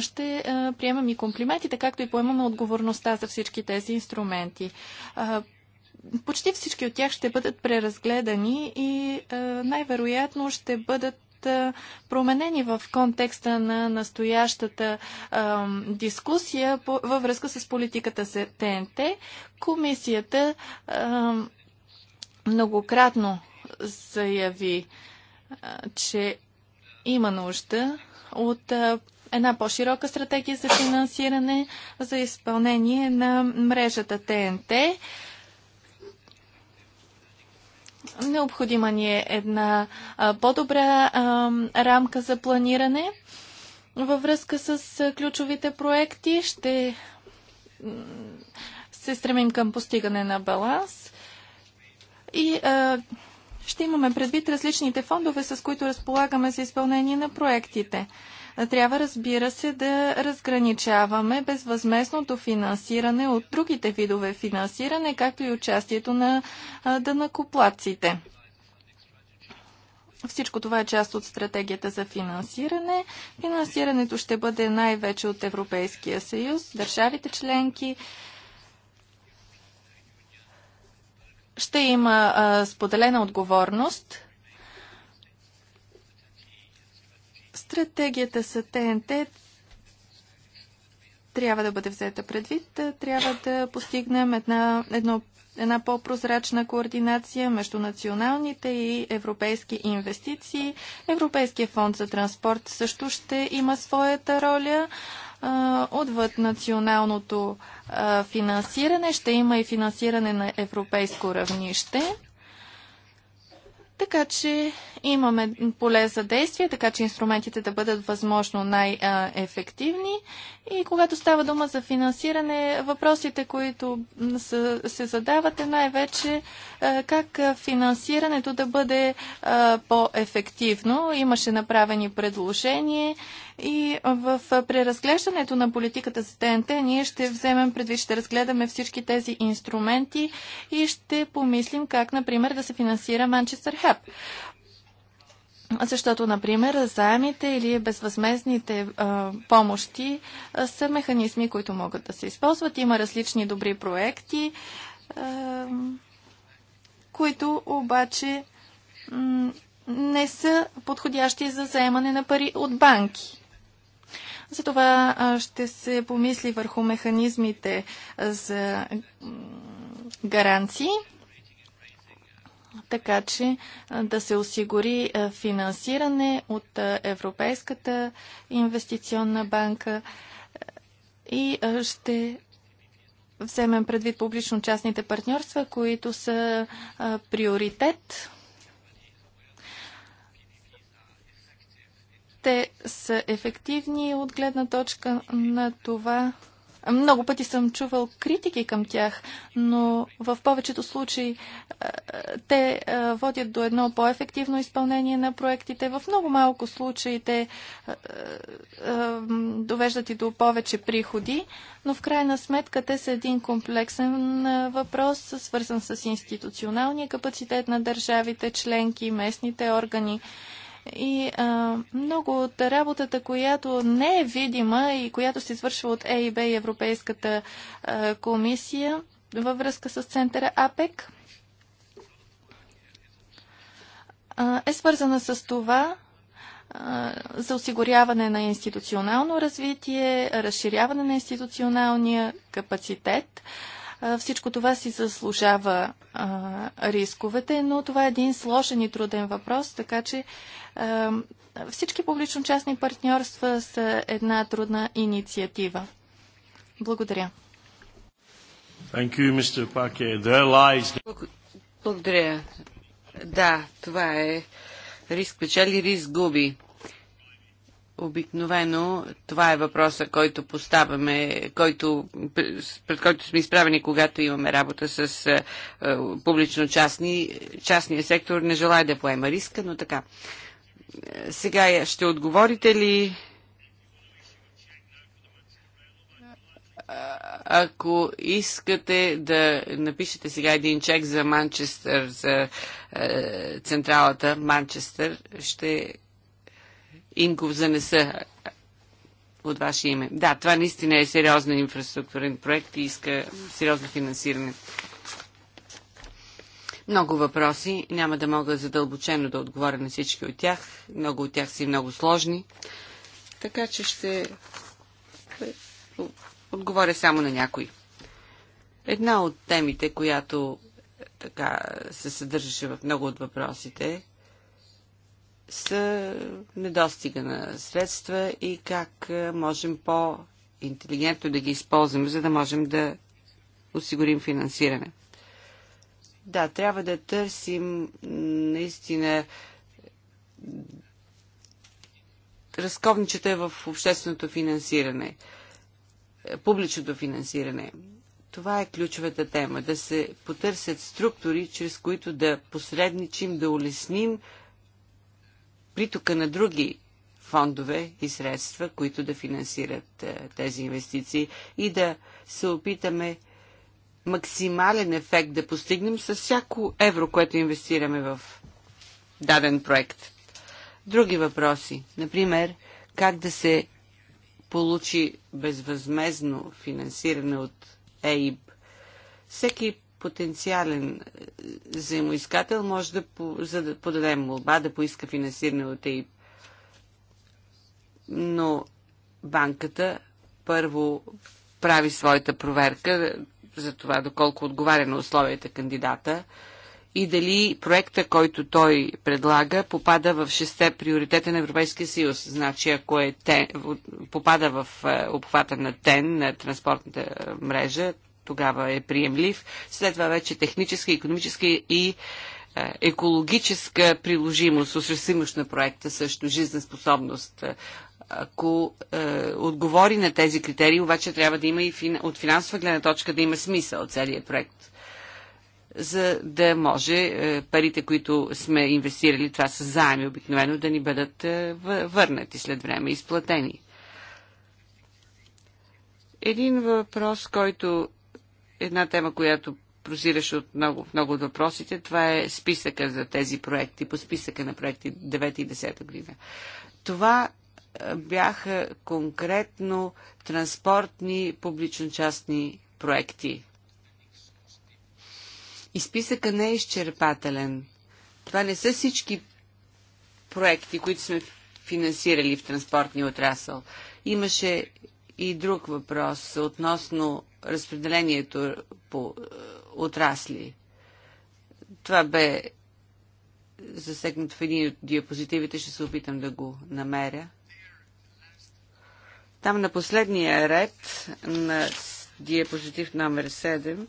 ще приемам и комплиментите, както и поемаме отговорността за всички тези инструменти почти всички от тях ще бъдат преразгледани и най-вероятно ще бъдат променени в контекста на настоящата а, дискусия по, във връзка с политиката с ТНТ. Комисията а, многократно заяви, а, че има нужда от една по-широка стратегия за финансиране за изпълнение на мрежата ТНТ. Необходима ни е една по-добра рамка за планиране във връзка с ключовите проекти. Ще се стремим към постигане на баланс и ще имаме предвид различните фондове, с които разполагаме за изпълнение на проектите. Трябва, разбира се, да разграничаваме безвъзместното финансиране от другите видове финансиране, както и участието на дънакоплаците. Всичко това е част от стратегията за финансиране. Финансирането ще бъде най-вече от Европейския съюз, държавите членки. Ще има а, споделена отговорност Стратегията са ТНТ трябва да бъде взета предвид. Трябва да постигнем една, едно, една по-прозрачна координация между националните и европейски инвестиции. Европейския фонд за транспорт също ще има своята роля. отвъд националното финансиране ще има и финансиране на европейско равнище. Така че имаме поле за действие, така че инструментите да бъдат възможно най-ефективни. И когато става дума за финансиране, въпросите, които се задават е най-вече е, как финансирането да бъде е, по-ефективно. Имаше направени предложения. И в преразглеждането на политиката за ТНТ ние ще вземем предвид, ще разгледаме всички тези инструменти и ще помислим как, например, да се финансира Манчестър Хаб. Защото, например, заемите или безвъзмезните а, помощи а, са механизми, които могат да се използват. Има различни добри проекти, а, които обаче не са подходящи за заемане на пари от банки. Затова ще се помисли върху механизмите за гаранции така че да се осигури финансиране от Европейската инвестиционна банка и ще вземем предвид публично-частните партньорства, които са приоритет Те са ефективни от гледна точка на това. Много пъти съм чувал критики към тях, но в повечето случаи те водят до едно по-ефективно изпълнение на проектите. В много малко случаи те довеждат и до повече приходи, но в крайна сметка те са един комплексен въпрос, свързан с институционалния капацитет на държавите, членки, местните органи и а, много от работата, която не е видима и която се извършва от ЕИБ и Европейската а, комисия във връзка с центъра АПЕК, а, е свързана с това, за осигуряване на институционално развитие, разширяване на институционалния капацитет всичко това си заслужава рисковете, но това е един сложен и труден въпрос, така че всички публично-частни партньорства са една трудна инициатива. Благодаря. Благодаря. Да, това е риск печали риск губи. Обикновено това е въпроса, който поставяме, който, пред който сме изправени, когато имаме работа с е, публично-частни. Частният сектор не желая да поема риска, но така. Сега ще отговорите ли ако искате да напишете сега един чек за Манчестър, за е, централата Манчестър, ще Инков занеса от ваше име. Да, това наистина е сериозен инфраструктурен проект и иска сериозно финансиране. Много въпроси. Няма да мога задълбочено да отговоря на всички от тях. Много от тях са и много сложни. Така че ще отговоря само на някой. Една от темите, която така се съдържаше в много от въпросите, са е, недостига на средства и как е, можем по-интелигентно да ги използваме, за да можем да осигурим финансиране. Да, трябва да търсим наистина разковничета в общественото финансиране, е, публичното финансиране. Това е ключовата тема. Да се потърсят структури, чрез които да посредничим, да улесним притока на други фондове и средства, които да финансират е, тези инвестиции и да се опитаме максимален ефект да постигнем с всяко евро, което инвестираме в даден проект. Други въпроси. Например, как да се получи безвъзмезно финансиране от ЕИБ. Всеки потенциален взаимоискател е, може да, за да подадем молба, да поиска финансиране от ЕИП. Но банката първо прави своята проверка е, за това доколко отговаря на условията кандидата и дали проекта, който той предлага, попада в шесте приоритета на Европейския съюз. Значи, ако е тен, попада в е, обхвата на ТЕН, на транспортната мрежа, тогава е приемлив. След това вече техническа, економическа и е, екологическа приложимост, осъществимост на проекта, също жизнеспособност. Ако е, отговори на тези критерии, обаче трябва да има и фин... от финансова гледна точка да има смисъл целият проект за да може е, парите, които сме инвестирали, това са заеми обикновено, да ни бъдат е, върнати след време, изплатени. Един въпрос, който една тема, която прозираше от много, много от въпросите. Това е списъка за тези проекти, по списъка на проекти 9 и 10 година. Това е, бяха конкретно транспортни публично-частни проекти. И списъка не е изчерпателен. Това не са всички проекти, които сме финансирали в транспортния отрасъл. Имаше и друг въпрос относно разпределението по е, отрасли. Това бе засегнато в един от диапозитивите, ще се опитам да го намеря. Там на последния ред на диапозитив номер 7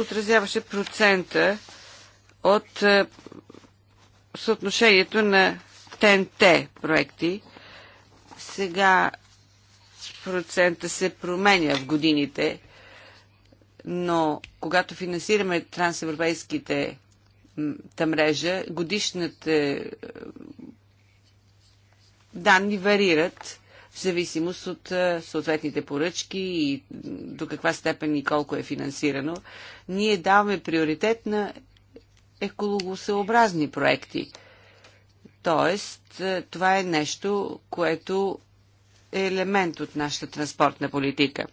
отразяваше процента от е, съотношението на ТНТ проекти. Сега процента се променя в годините, но когато финансираме трансевропейските мрежа, годишните данни варират в зависимост от съответните поръчки и до каква степен и колко е финансирано. Ние даваме приоритет на екологосъобразни проекти. Тоест, това е нещо, което елемент от нашата транспортна политика.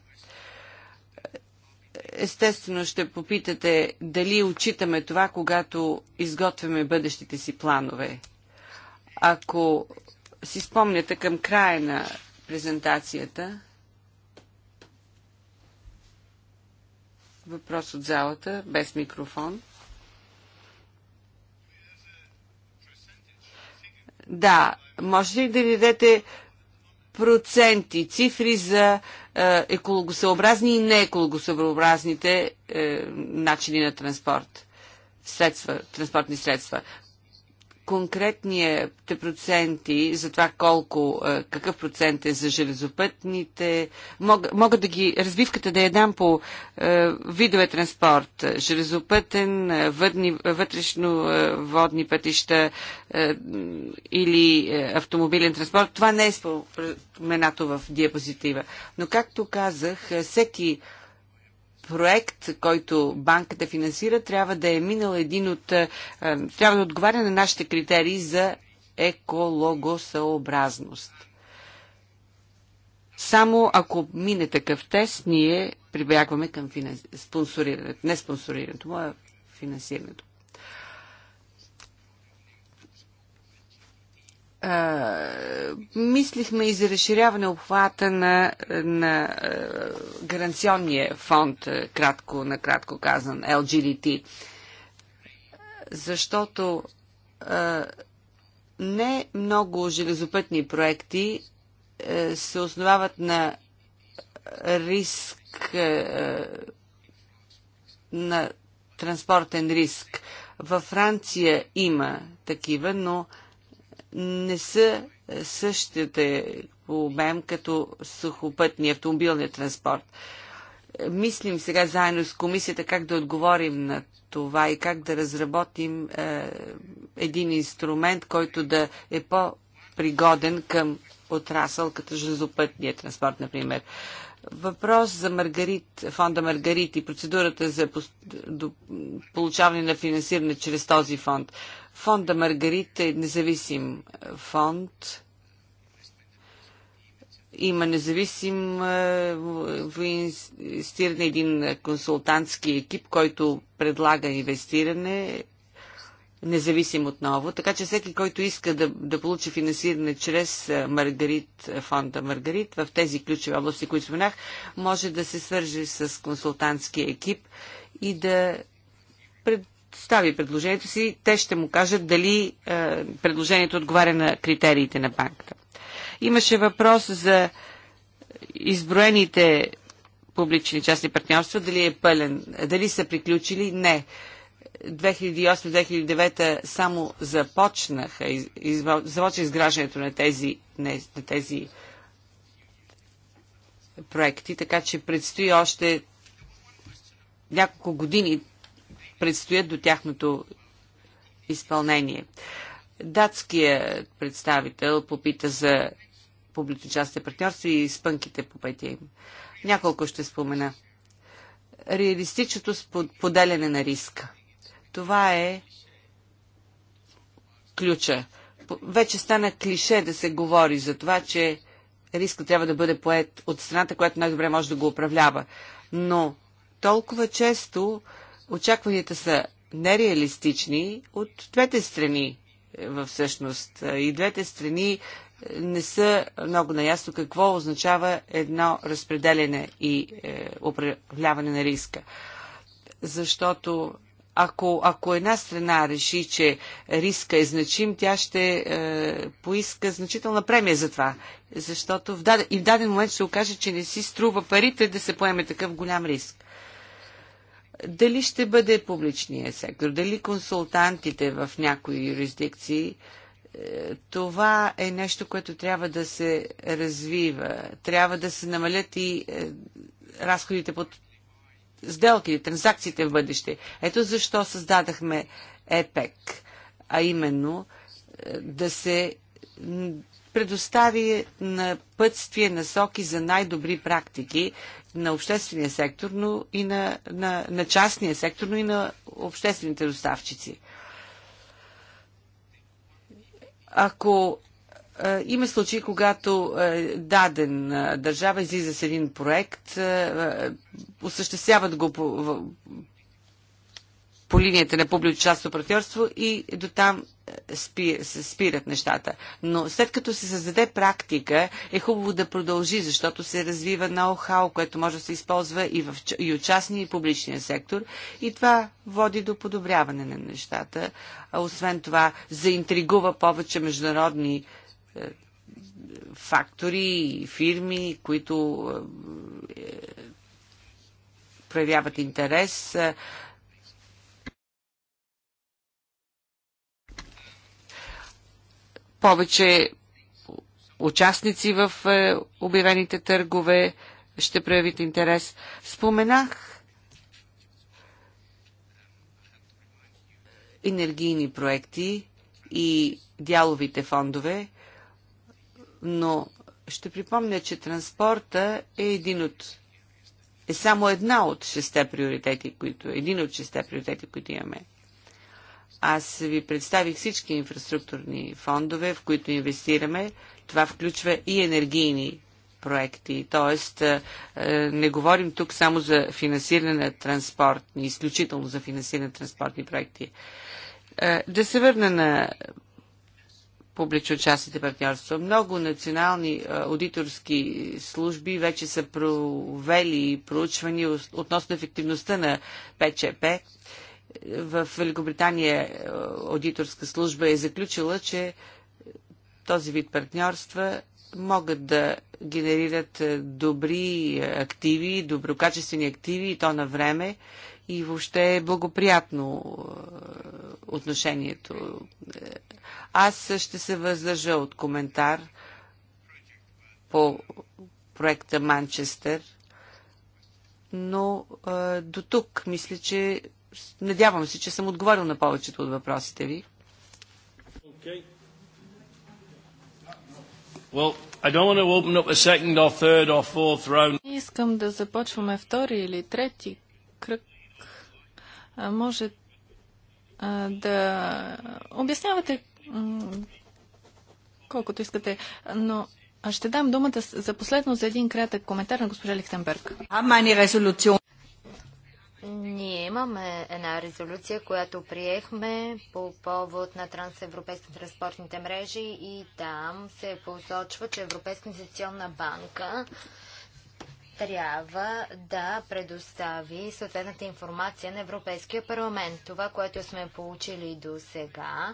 Естествено ще попитате дали отчитаме това, когато изготвяме бъдещите си планове. Ако си спомняте към края на презентацията, въпрос от залата, без микрофон. Да, може ли да ви дадете проценти, цифри за е, екологосъобразни и неекологосъобразните е, начини на транспорт средства, транспортни средства конкретните проценти за това колко, е, какъв процент е за железопътните, мога, мога да ги, разбивката да я дам по е, видове транспорт, железопътен, е, въдни, вътрешно е, водни пътища е, или е, автомобилен транспорт. Това не е споменато в диапозитива. Но както казах, е, всеки проект, който банката финансира, трябва да е минал един от... Е, е, трябва да отговаря на нашите критерии за екологосъобразност. Само ако мине такъв тест, ние прибягваме към финанс... спонсорирането. Не спонсорирането, а финансирането. мислихме и за разширяване обхвата на, на гаранционния фонд, кратко, на кратко казан, LGDT. Защото а, не много железопътни проекти а, се основават на риск, а, на транспортен риск. Във Франция има такива, но а, не са е, същите по обем като сухопътния автомобилния транспорт. Е, мислим сега заедно с комисията как да отговорим на това и как да разработим е, един инструмент, който да е по-пригоден към отрасъл като железопътния транспорт, например. Въпрос за Маргарит, фонда Маргарит и процедурата за получаване на финансиране чрез този фонд. Фонда Маргарита е независим е, фонд. Има независим е, инвестиране, един консултантски екип, който предлага инвестиране, независим отново. Така че всеки, който иска да, да получи финансиране чрез е, Маргарит, фонда Маргарит, в тези ключови области, които споменах, може да се свържи с консултантския екип и да пред, представи предложението си, те ще му кажат дали е, предложението отговаря на критериите на банката. Имаше въпрос за изброените публични частни партньорства, дали е пълен, дали са приключили. Не. 2008-2009 само започнаха, из, започна изграждането на тези, не, на тези проекти, така че предстои още няколко години предстоят до тяхното изпълнение. Датският представител попита за публично-частните партньорства и спънките по пътя им. Няколко ще спомена. Реалистичното споделяне на риска. Това е ключа. Вече стана клише да се говори за това, че риска трябва да бъде поет от страната, която най-добре може да го управлява. Но толкова често очакванията са нереалистични от двете страни е, всъщност. И двете страни е, не са много наясно какво означава едно разпределене и е, управляване на риска. Защото ако, ако една страна реши, че риска е значим, тя ще е, поиска значителна премия за това. Защото в даден, и в даден момент ще окаже, че не си струва парите да се поеме такъв голям риск. Дали ще бъде публичния сектор, дали консултантите в някои юрисдикции, е, това е нещо, което трябва да се развива. Трябва да се намалят и е, разходите под сделки, транзакциите в бъдеще. Ето защо създадахме ЕПЕК, а именно е, да се предостави на пътствие насоки за най-добри практики на обществения сектор, но и на, на, на частния сектор, но и на обществените доставчици. Ако е, има случаи, когато е, даден е, държава излиза с един проект, осъществяват го по линията на публично-частно партньорство и до там е, се спират нещата. Но след като се създаде практика, е хубаво да продължи, защото се развива ноу-хау, което може да се използва и, в, и от частния и публичния сектор. И това води до подобряване на нещата. А освен това, заинтригува повече международни е, фактори, и фирми, които е, проявяват интерес. повече участници в е, обявените търгове ще проявите интерес. Споменах енергийни проекти и дяловите фондове, но ще припомня, че транспорта е един от е само една от шесте приоритети, които, един от шесте приоритети, които имаме. Аз ви представих всички инфраструктурни фондове, в които инвестираме. Това включва и енергийни проекти. Тоест, е, е, не говорим тук само за финансиране на транспортни, изключително за финансиране на транспортни проекти. Е, да се върна на публично-частните партньорства. Много национални аудиторски служби вече са провели проучвания относно ефективността на ПЧП в Великобритания е, аудиторска служба е заключила, че този вид партньорства могат да генерират е, добри активи, доброкачествени активи и то на време и въобще е благоприятно е, отношението. Аз ще се въздържа от коментар по проекта Манчестър, но до тук мисля, че Надявам се, че съм отговорил на повечето от въпросите ви. Okay. Well, or or Искам да започваме втори или трети кръг. А, може а, да обяснявате колкото искате, но ще дам думата за последно за един кратък коментар на госпожа Лихтенберг. резолюцион. Ние имаме една резолюция, която приехме по повод на трансевропейски транспортните мрежи и там се посочва, че Европейска инвестиционна банка трябва да предостави съответната информация на Европейския парламент. Това, което сме получили до сега,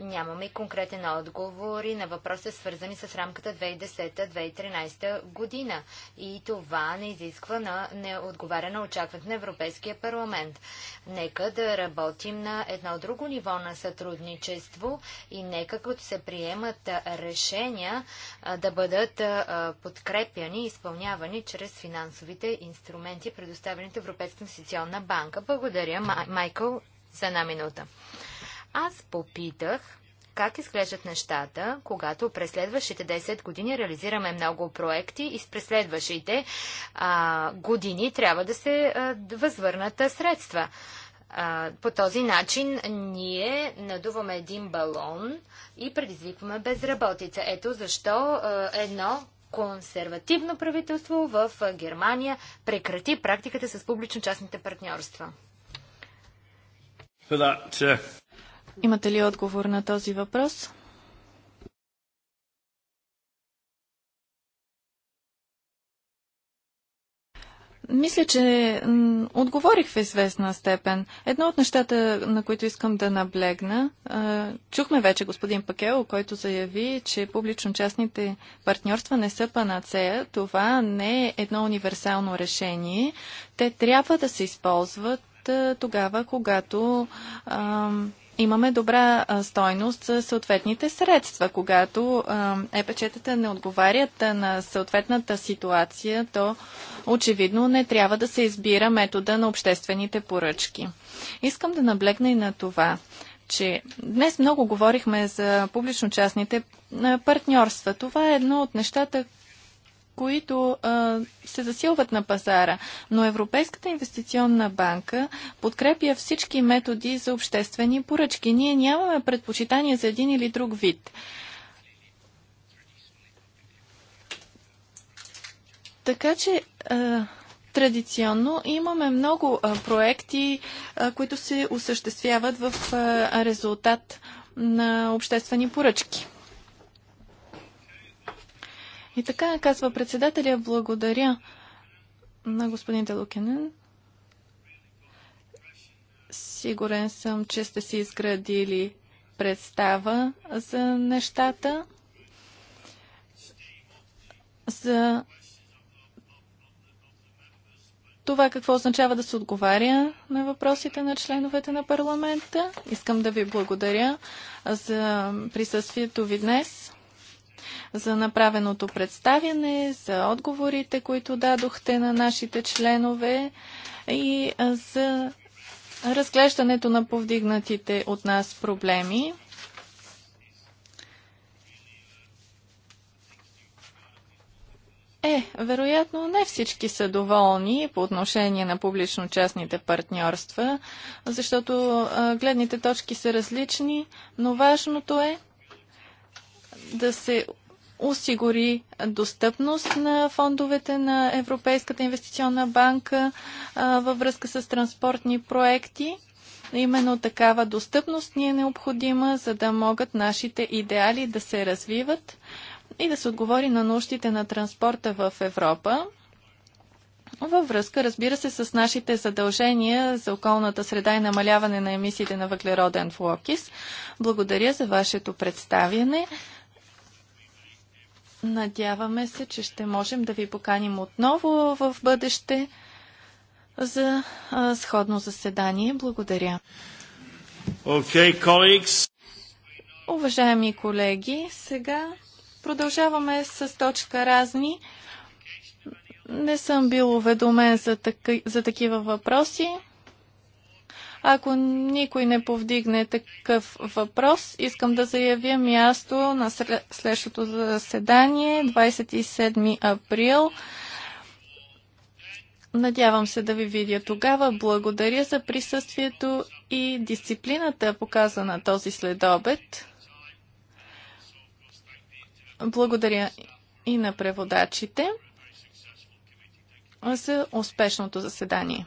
нямаме и конкретен отговор и на въпроса свързани с рамката 2010-2013 година. И това не изисква на не отговаря на на Европейския парламент. Нека да работим на едно друго ниво на сътрудничество и нека като се приемат решения да бъдат подкрепяни и изпълнявани чрез финансовите инструменти, предоставените Европейската инвестиционна банка. Благодаря, Майкъл, за една минута. Аз попитах как изглеждат нещата, когато през следващите 10 години реализираме много проекти и през следващите а, години трябва да се а, възвърнат средства. А, по този начин ние надуваме един балон и предизвикваме безработица. Ето защо а, едно консервативно правителство в Германия прекрати практиката с публично-частните партньорства. Uh, Имате ли отговор на този въпрос? Мисля, че отговорих в известна степен. Едно от нещата, на които искам да наблегна, чухме вече господин Пакел, който заяви, че публично-частните партньорства не са панацея. Това не е едно универсално решение. Те трябва да се използват тогава, когато ам, имаме добра стойност за съответните средства. Когато ЕПЧ-тата не отговарят на съответната ситуация, то очевидно не трябва да се избира метода на обществените поръчки. Искам да наблегна и на това че днес много говорихме за публично-частните партньорства. Това е едно от нещата, които а, се засилват на пазара, но Европейската инвестиционна банка подкрепя всички методи за обществени поръчки. Ние нямаме предпочитания за един или друг вид. Така че а, традиционно имаме много а, проекти, а, които се осъществяват в резултат на обществени поръчки. И така, казва председателя, благодаря на господин Делукенен. Сигурен съм, че сте си изградили представа за нещата, за това какво означава да се отговаря на въпросите на членовете на парламента. Искам да ви благодаря за присъствието ви днес за направеното представяне, за отговорите, които дадохте на нашите членове и за разглеждането на повдигнатите от нас проблеми. Е, вероятно не всички са доволни по отношение на публично-частните партньорства, защото гледните точки са различни, но важното е да се осигури достъпност на фондовете на Европейската инвестиционна банка във връзка с транспортни проекти. Именно такава достъпност ни е необходима, за да могат нашите идеали да се развиват и да се отговори на нуждите на транспорта в Европа. Във връзка, разбира се, с нашите задължения за околната среда и намаляване на емисиите на въглероден флокис. Благодаря за вашето представяне. Надяваме се, че ще можем да ви поканим отново в бъдеще за а, сходно заседание. Благодаря. Okay, colleagues. Уважаеми колеги, сега продължаваме с точка разни. Не съм бил уведомен за, таки, за такива въпроси. Ако никой не повдигне такъв въпрос, искам да заявя място на следващото заседание 27 април. Надявам се да ви видя тогава. Благодаря за присъствието и дисциплината, показана този следобед. Благодаря и на преводачите за успешното заседание.